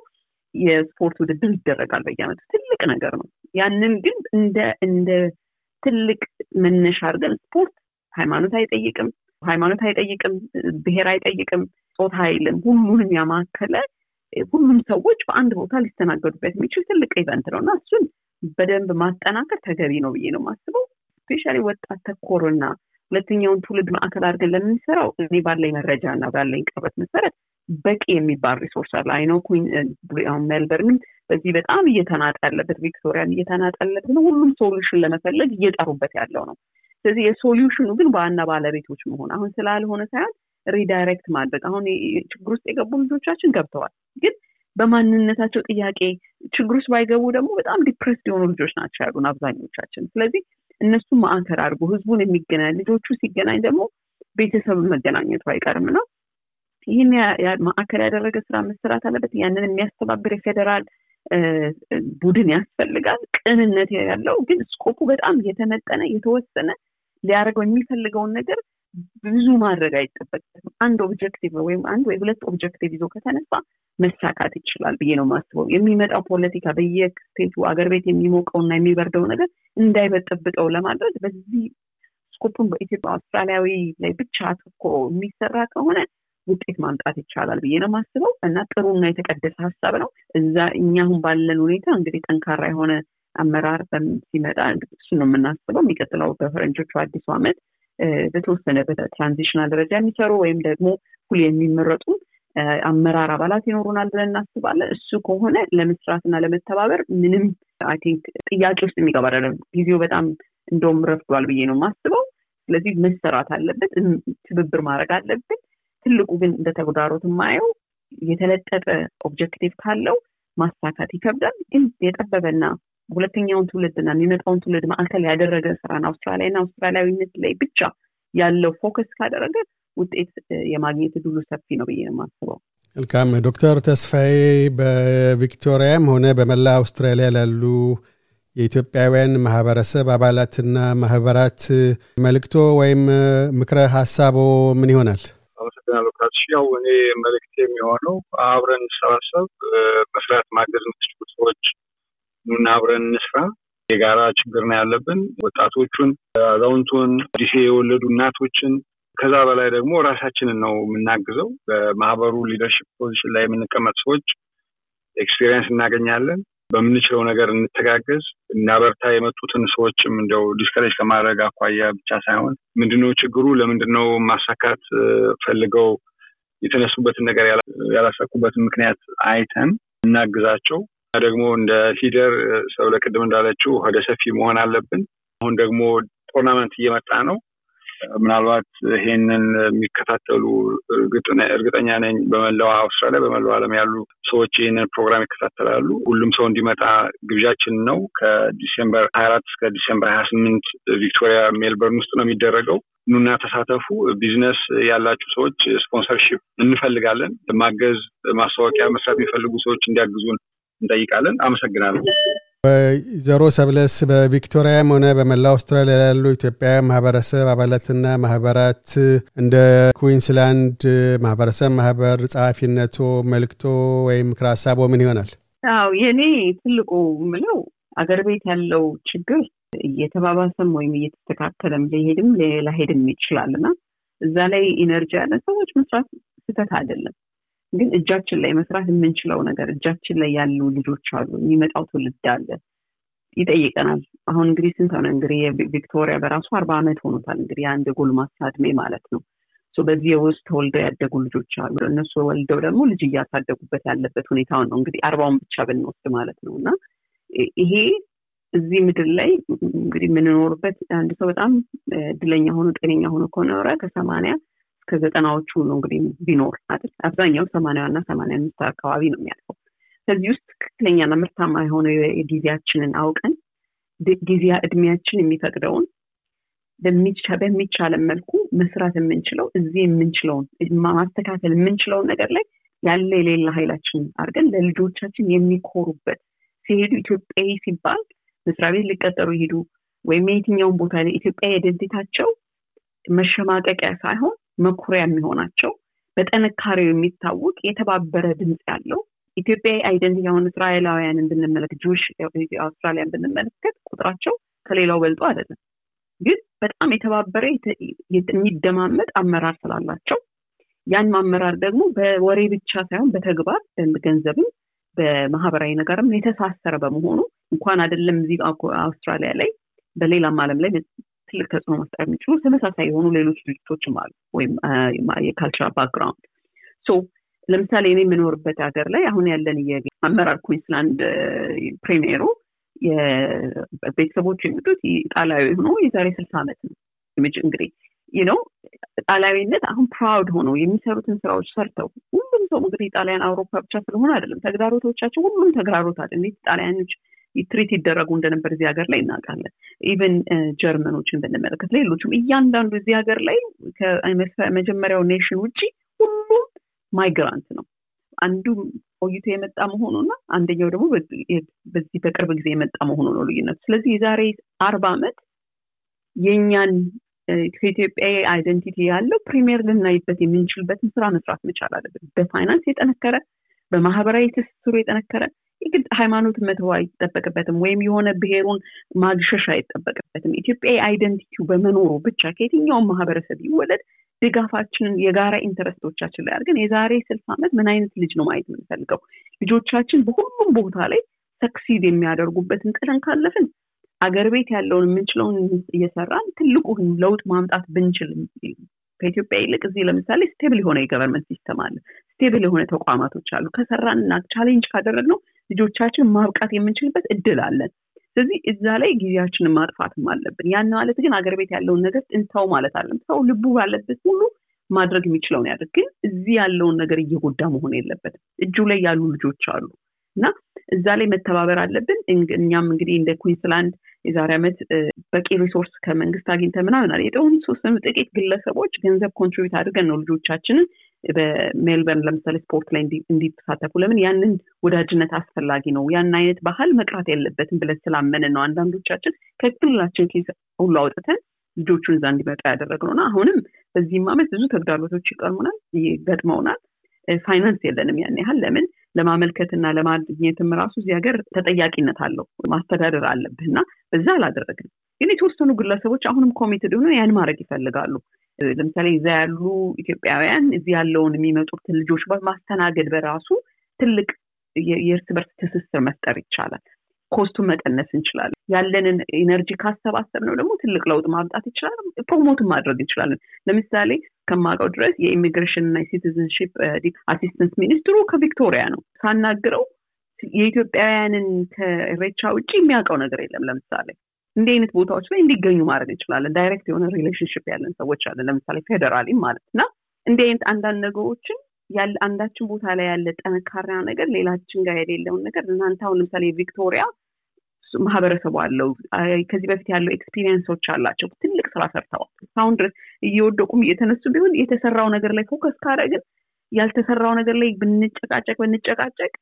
የስፖርት ውድድር ይደረጋል በየዓመቱ ትልቅ ነገር ነው። ያንን ግን እንደ እንደ ትልቅ መነሻ አድርገን ስፖርት ሃይማኖት አይጠይቅም፣ ሃይማኖት አይጠይቅም፣ ብሔር አይጠይቅም፣ ጾታ አይልም። ሁሉንም ያማከለ ሁሉም ሰዎች በአንድ ቦታ ሊስተናገዱበት የሚችል ትልቅ ኢቨንት ነው እና እሱን በደንብ ማጠናከር ተገቢ ነው ብዬ ነው ማስበው ስፔሻ ወጣት ተኮርና ሁለተኛውን ትውልድ ማዕከል አድርገን ለምንሰራው እኔ ባለኝ መረጃ እና ባለኝ ቅርበት መሰረት በቂ የሚባል ሪሶርስ አለ። አይነው ሜልበርንም በዚህ በጣም እየተናጠ ያለበት ቪክቶሪያም እየተናጠ ያለበት ነው። ሁሉም ሶሉሽን ለመፈለግ እየጠሩበት ያለው ነው። ስለዚህ የሶሉሽኑ ግን ዋና ባለቤቶች መሆን አሁን ስላልሆነ ሳይሆን ሪዳይሬክት ማድረግ አሁን ችግር ውስጥ የገቡ ልጆቻችን ገብተዋል ግን በማንነታቸው ጥያቄ ችግር ውስጥ ባይገቡ ደግሞ በጣም ዲፕሬስ የሆኑ ልጆች ናቸው ያሉን አብዛኞቻችን። ስለዚህ እነሱ ማዕከል አድርጎ ህዝቡን የሚገናኝ ልጆቹ ሲገናኝ ደግሞ ቤተሰብ መገናኘቱ አይቀርም ነው። ይህን ማዕከል ያደረገ ስራ መሰራት አለበት። ያንን የሚያስተባብር የፌደራል ቡድን ያስፈልጋል። ቅንነት ያለው ግን ስኮፑ በጣም የተመጠነ የተወሰነ ሊያደርገው የሚፈልገውን ነገር ብዙ ማድረግ አይጠበቅም አንድ ኦብጀክቲቭ ወይም አንድ ወይ ሁለት ኦብጀክቲቭ ይዞ ከተነሳ መሳካት ይችላል ብዬ ነው የማስበው። የሚመጣው ፖለቲካ በየክስቴቱ አገር ቤት የሚሞቀውና የሚበርደው ነገር እንዳይበጠብጠው ለማድረግ በዚህ ስኮፑን በኢትዮጵያ አውስትራሊያዊ ላይ ብቻ አትኮ የሚሰራ ከሆነ ውጤት ማምጣት ይቻላል ብዬ ነው የማስበው እና ጥሩና የተቀደሰ ሀሳብ ነው። እዛ እኛ አሁን ባለን ሁኔታ እንግዲህ ጠንካራ የሆነ አመራር ሲመጣ እሱ ነው የምናስበው። የሚቀጥለው በፈረንጆቹ አዲሱ ዓመት በተወሰነ በትራንዚሽናል ደረጃ የሚሰሩ ወይም ደግሞ ሁሌ የሚመረጡ አመራር አባላት ይኖሩናል ብለን እናስባለን። እሱ ከሆነ ለመስራትና ለመተባበር ምንም አይ ቲንክ ጥያቄ ውስጥ የሚገባ አይደለም። ጊዜው በጣም እንደውም ረፍዷል ብዬ ነው የማስበው። ስለዚህ መሰራት አለበት፣ ትብብር ማድረግ አለብን። ትልቁ ግን እንደ ተጉዳሮት የማየው የተለጠጠ ኦብጀክቲቭ ካለው ማሳካት ይከብዳል። ግን የጠበበና ሁለተኛውን ትውልድና የሚመጣውን ትውልድ ማዕከል ያደረገ ስራን አውስትራሊያና አውስትራሊያዊነት ላይ ብቻ ያለው ፎከስ ካደረገ ውጤት የማግኘት እድሉ ሰፊ ነው ብዬ ነው የማስበው። መልካም ዶክተር ተስፋዬ በቪክቶሪያም ሆነ በመላ አውስትራሊያ ላሉ የኢትዮጵያውያን ማህበረሰብ አባላትና ማህበራት መልክቶ ወይም ምክረ ሀሳቦ ምን ይሆናል? አመሰግናለሁ ካሽ። ያው እኔ መልእክቴ የሚሆነው አብረን ሰባሰብ መስራት ማገዝ የምትችሉ ሰዎች ኑና አብረን እንስራ የጋራ ችግር ነው ያለብን። ወጣቶቹን፣ አዛውንቱን፣ አዲስ የወለዱ እናቶችን ከዛ በላይ ደግሞ ራሳችንን ነው የምናግዘው። በማህበሩ ሊደርሽፕ ፖዚሽን ላይ የምንቀመጥ ሰዎች ኤክስፔሪንስ እናገኛለን። በምንችለው ነገር እንተጋገዝ፣ እናበርታ። የመጡትን ሰዎችም እንደው ዲስከሬጅ ከማድረግ አኳያ ብቻ ሳይሆን ምንድነው ችግሩ፣ ለምንድነው ማሳካት ፈልገው የተነሱበትን ነገር ያላሳኩበትን ምክንያት አይተን እናግዛቸው። ደግሞ እንደ ሊደር ሰው ለቅድም እንዳለችው ወደ ሰፊ መሆን አለብን። አሁን ደግሞ ቶርናመንት እየመጣ ነው። ምናልባት ይሄንን የሚከታተሉ እርግጠኛ ነኝ በመላው አውስትራሊያ፣ በመላው ዓለም ያሉ ሰዎች ይህንን ፕሮግራም ይከታተላሉ። ሁሉም ሰው እንዲመጣ ግብዣችን ነው። ከዲሴምበር ሀያ አራት እስከ ዲሴምበር ሀያ ስምንት ቪክቶሪያ ሜልበርን ውስጥ ነው የሚደረገው። ኑና ተሳተፉ። ቢዝነስ ያላችሁ ሰዎች ስፖንሰርሺፕ እንፈልጋለን። ማገዝ፣ ማስታወቂያ መስራት የሚፈልጉ ሰዎች እንዲያግዙን እንጠይቃለን። አመሰግናለሁ። ወይዘሮ ሰብለስ በቪክቶሪያም ሆነ በመላ አውስትራሊያ ያሉ ኢትዮጵያውያን ማህበረሰብ አባላትና ማህበራት እንደ ኩዊንስላንድ ማህበረሰብ ማህበር ጸሐፊነቶ መልክቶ ወይም ምክረ ሀሳቦ ምን ይሆናል? አዎ የኔ ትልቁ ምለው አገር ቤት ያለው ችግር እየተባባሰም ወይም እየተስተካከለም ሊሄድም ላሄድም ይችላል እና እዛ ላይ ኢነርጂ ያለ ሰዎች መስራት ስህተት አይደለም። ግን እጃችን ላይ መስራት የምንችለው ነገር እጃችን ላይ ያሉ ልጆች አሉ። የሚመጣው ትውልድ አለ፣ ይጠይቀናል። አሁን እንግዲህ ስንት ሆነ እንግዲህ ቪክቶሪያ በራሱ አርባ ዓመት ሆኖታል። እንግዲህ የአንድ ጎልማሳ እድሜ ማለት ነው። በዚህ ውስጥ ተወልደው ያደጉ ልጆች አሉ። እነሱ ወልደው ደግሞ ልጅ እያሳደጉበት ያለበት ሁኔታውን ነው እንግዲህ አርባውን ብቻ ብንወስድ ማለት ነው እና ይሄ እዚህ ምድር ላይ እንግዲህ የምንኖርበት አንድ ሰው በጣም እድለኛ ሆኖ ጤነኛ ሆኖ ከኖረ ከሰማኒያ እስከ ዘጠናዎቹ ነው እንግዲህ ቢኖር አይደል አብዛኛው ና ሰማኒያ አምስት አካባቢ ነው የሚያልፈው። ከዚህ ውስጥ ትክክለኛና ምርታማ የሆነ ጊዜያችንን አውቀን ጊዜያ እድሜያችን የሚፈቅደውን በሚቻለን መልኩ መስራት የምንችለው እዚህ የምንችለውን ማስተካከል የምንችለውን ነገር ላይ ያለ የሌላ ሀይላችን አድርገን ለልጆቻችን የሚኮሩበት ሲሄዱ ኢትዮጵያዊ ሲባል መስሪያ ቤት ሊቀጠሩ ይሄዱ ወይም የትኛውን ቦታ ላይ ኢትዮጵያ የደንቴታቸው መሸማቀቂያ ሳይሆን መኩሪያ የሚሆናቸው በጥንካሬው የሚታወቅ የተባበረ ድምፅ ያለው ኢትዮጵያ አይደንቲ አሁን እስራኤላውያን ብንመለከት ጆሽ አውስትራሊያን ብንመለከት ቁጥራቸው ከሌላው በልጦ አይደለም፣ ግን በጣም የተባበረ የሚደማመጥ አመራር ስላላቸው ያን አመራር ደግሞ በወሬ ብቻ ሳይሆን በተግባር ገንዘብም በማህበራዊ ነገርም የተሳሰረ በመሆኑ እንኳን አይደለም እዚህ አውስትራሊያ ላይ በሌላም አለም ላይ ትልቅ ተጽዕኖ መፍጠር የሚችሉ ተመሳሳይ የሆኑ ሌሎች ድርጅቶችም አሉ ወይም የካልቸራል ባክግራውንድ ለምሳሌ እኔ የምኖርበት ሀገር ላይ አሁን ያለን የአመራር ኩንስላንድ ፕሪሜሩ ቤተሰቦች የመጡት ጣላዊ ሆኖ የዛሬ ስልሳ ዓመት ነው ምጭ እንግዲህ ነው ጣሊያዊነት አሁን ፕራውድ ሆኖ የሚሰሩትን ስራዎች ሰርተው ሁሉም ሰው እንግዲህ ጣሊያን አውሮፓ ብቻ ስለሆነ አይደለም ተግዳሮቶቻቸው ሁሉም ተግራሮታል አለ እንዴት ጣሊያኖች ትሪት ይደረጉ እንደነበር እዚህ ሀገር ላይ እናውቃለን። ኢቨን ጀርመኖችን ብንመለከት፣ ሌሎችም እያንዳንዱ እዚህ ሀገር ላይ ከመጀመሪያው ኔሽን ውጭ ሁሉም ማይግራንት ነው። አንዱ ቆይቶ የመጣ መሆኑ እና አንደኛው ደግሞ በዚህ በቅርብ ጊዜ የመጣ መሆኑ ነው ልዩነቱ። ስለዚህ የዛሬ አርባ ዓመት የእኛን ከኢትዮጵያዊ አይደንቲቲ ያለው ፕሪሚየር ልናይበት የምንችልበትን ስራ መስራት መቻል አለብን። በፋይናንስ የጠነከረ በማህበራዊ ትስስሩ የጠነከረ የግድ ሃይማኖት መተው አይጠበቅበትም፣ ወይም የሆነ ብሔሩን ማግሸሽ አይጠበቅበትም። ኢትዮጵያ አይደንቲቲው በመኖሩ ብቻ ከየትኛውም ማህበረሰብ ይወለድ ድጋፋችንን የጋራ ኢንተረስቶቻችን ላይ አድርገን የዛሬ ስልሳ ዓመት ምን አይነት ልጅ ነው ማየት የምንፈልገው? ልጆቻችን በሁሉም ቦታ ላይ ሰክሲድ የሚያደርጉበትን ጥለን ካለፍን አገር ቤት ያለውን የምንችለውን እየሰራን ትልቁን ለውጥ ማምጣት ብንችል ከኢትዮጵያ ይልቅ እዚህ ለምሳሌ ስቴብል የሆነ የገቨርንመንት ሲስተም አለ። ስቴብል የሆነ ተቋማቶች አሉ። ከሰራንና ቻሌንጅ ካደረግነው ልጆቻችን ማብቃት የምንችልበት እድል አለን። ስለዚህ እዛ ላይ ጊዜያችንን ማጥፋትም አለብን። ያን ማለት ግን አገር ቤት ያለውን ነገር እንተው ማለት አለም። ሰው ልቡ ባለበት ሁሉ ማድረግ የሚችለውን ያደርግ ግን እዚህ ያለውን ነገር እየጎዳ መሆን የለበትም። እጁ ላይ ያሉ ልጆች አሉ እና እዛ ላይ መተባበር አለብን። እኛም እንግዲህ እንደ ኩንስላንድ የዛሬ ዓመት በቂ ሪሶርስ ከመንግስት አግኝተ ምናምን የጠውን ሶስትም ጥቂት ግለሰቦች ገንዘብ ኮንትሪቢት አድርገን ነው ልጆቻችንን በሜልበርን ለምሳሌ ስፖርት ላይ እንዲተሳተፉ ለምን ያንን ወዳጅነት አስፈላጊ ነው። ያንን አይነት ባህል መቅራት የለበትም ብለን ስላመን ነው አንዳንዶቻችን ከክልላችን ኬስ ሁሉ አውጥተን ልጆቹን እዛ እንዲመጣ ያደረግ እና አሁንም በዚህም ዓመት ብዙ ተግዳሮቶች ይቀርሙናል ይገጥመውናል። ፋይናንስ የለንም ያን ያህል ለምን ለማመልከት ለማመልከትና ለማግኘትም ራሱ እዚህ ሀገር ተጠያቂነት አለው ማስተዳደር አለብህ እና በዛ አላደረግንም። ግን የተወሰኑ ግለሰቦች አሁንም ኮሚትድ ሆነ ያን ማድረግ ይፈልጋሉ። ለምሳሌ እዛ ያሉ ኢትዮጵያውያን እዚህ ያለውን የሚመጡትን ልጆች ማስተናገድ በራሱ ትልቅ የእርስ በርስ ትስስር መፍጠር ይቻላል። ኮስቱን መቀነስ እንችላለን። ያለንን ኢነርጂ ካሰባሰብ ነው ደግሞ ትልቅ ለውጥ ማምጣት ይችላል። ፕሮሞትን ማድረግ እንችላለን። ለምሳሌ ከማቀው ድረስ የኢሚግሬሽን እና የሲቲዝንሽፕ አሲስተንስ ሚኒስትሩ ከቪክቶሪያ ነው። ሳናግረው የኢትዮጵያውያንን ከሬቻ ውጭ የሚያውቀው ነገር የለም። ለምሳሌ እንዲህ አይነት ቦታዎች ላይ እንዲገኙ ማድረግ እንችላለን። ዳይሬክት የሆነ ሪሌሽንሽፕ ያለን ሰዎች አለን። ለምሳሌ ፌደራሊ ማለት እና እንዲህ አይነት አንዳንድ ነገሮችን ያለ አንዳችን ቦታ ላይ ያለ ጠንካራ ነገር ሌላችን ጋር የሌለውን ነገር እናንተ አሁን ለምሳሌ ቪክቶሪያ ማህበረሰቡ አለው ከዚህ በፊት ያለው ኤክስፒሪየንሶች አላቸው። ትልቅ ስራ ሰርተዋል። እስካሁን ድረስ እየወደቁም እየተነሱ ቢሆን የተሰራው ነገር ላይ ፎከስ ካረግን ያልተሰራው ነገር ላይ ብንጨቃጨቅ ብንጨቃጨቅ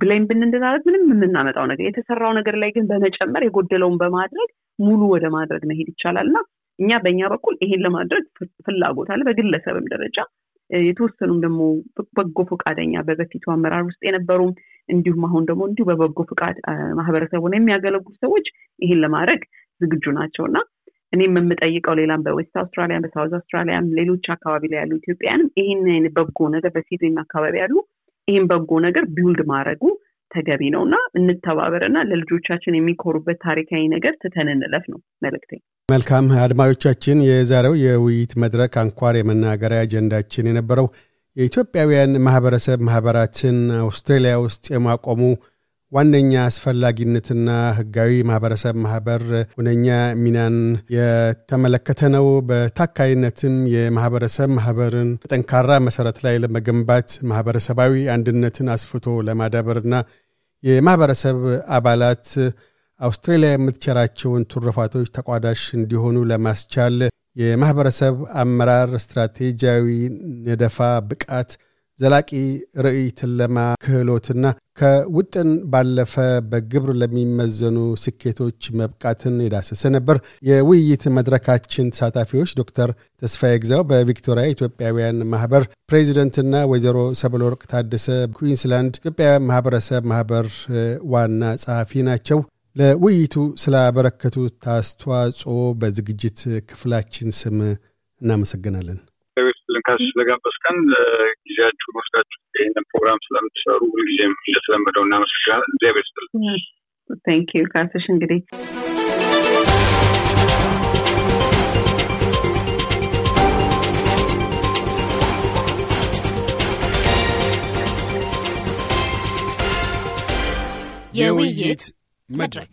ብሌም ብንንድናረግ ምንም የምናመጣው ነገር የተሰራው ነገር ላይ ግን በመጨመር የጎደለውን በማድረግ ሙሉ ወደ ማድረግ መሄድ ይቻላል እና እኛ በእኛ በኩል ይሄን ለማድረግ ፍላጎት አለ። በግለሰብም ደረጃ የተወሰኑም ደግሞ በጎ ፈቃደኛ በበፊቱ አመራር ውስጥ የነበሩም እንዲሁም አሁን ደግሞ እንዲሁ በበጎ ፈቃድ ማህበረሰቡን የሚያገለግሉ ሰዎች ይሄን ለማድረግ ዝግጁ ናቸው እና እኔም የምጠይቀው ሌላም በዌስት አውስትራሊያ፣ በሳውዝ አውስትራሊያም ሌሎች አካባቢ ላይ ያሉ ኢትዮጵያንም ይህን በጎ ነገር በሲድኒም አካባቢ ያሉ ይህም በጎ ነገር ቢውልድ ማድረጉ ተገቢ ነው እና እንተባበር ና ለልጆቻችን የሚኮሩበት ታሪካዊ ነገር ትተን እንለፍ ነው መልእክቴ። መልካም አድማጮቻችን፣ የዛሬው የውይይት መድረክ አንኳር የመናገሪያ አጀንዳችን የነበረው የኢትዮጵያውያን ማህበረሰብ ማህበራትን አውስትሬልያ ውስጥ የማቆሙ ዋነኛ አስፈላጊነትና ህጋዊ ማህበረሰብ ማህበር ሁነኛ ሚናን የተመለከተ ነው። በታካይነትም የማህበረሰብ ማህበርን በጠንካራ መሰረት ላይ ለመገንባት ማህበረሰባዊ አንድነትን አስፍቶ ለማዳበርና የማህበረሰብ አባላት አውስትራሊያ የምትቸራቸውን ትሩፋቶች ተቋዳሽ እንዲሆኑ ለማስቻል የማህበረሰብ አመራር ስትራቴጂያዊ ነደፋ ብቃት ዘላቂ ርዕይትን ለማ ክህሎትና ከውጥን ባለፈ በግብር ለሚመዘኑ ስኬቶች መብቃትን የዳሰሰ ነበር። የውይይት መድረካችን ተሳታፊዎች ዶክተር ተስፋዬ ግዛው በቪክቶሪያ ኢትዮጵያውያን ማህበር ፕሬዚደንትና ወይዘሮ ሰብለወርቅ ታደሰ ኩዊንስላንድ ኢትዮጵያውያን ማህበረሰብ ማህበር ዋና ጸሐፊ ናቸው። ለውይይቱ ስላበረከቱት አስተዋጽኦ በዝግጅት ክፍላችን ስም እናመሰግናለን። ተመልካች ስለጋበዝከን ጊዜያችሁን ወስዳችሁ ይህንን ፕሮግራም ስለምትሰሩ ሁልጊዜም እንደተለመደው እናመሰግናለን። እግዚአብሔር ይስጥልን። ቴንኪዩ ካስሽ እንግዲህ የውይይት መድረክ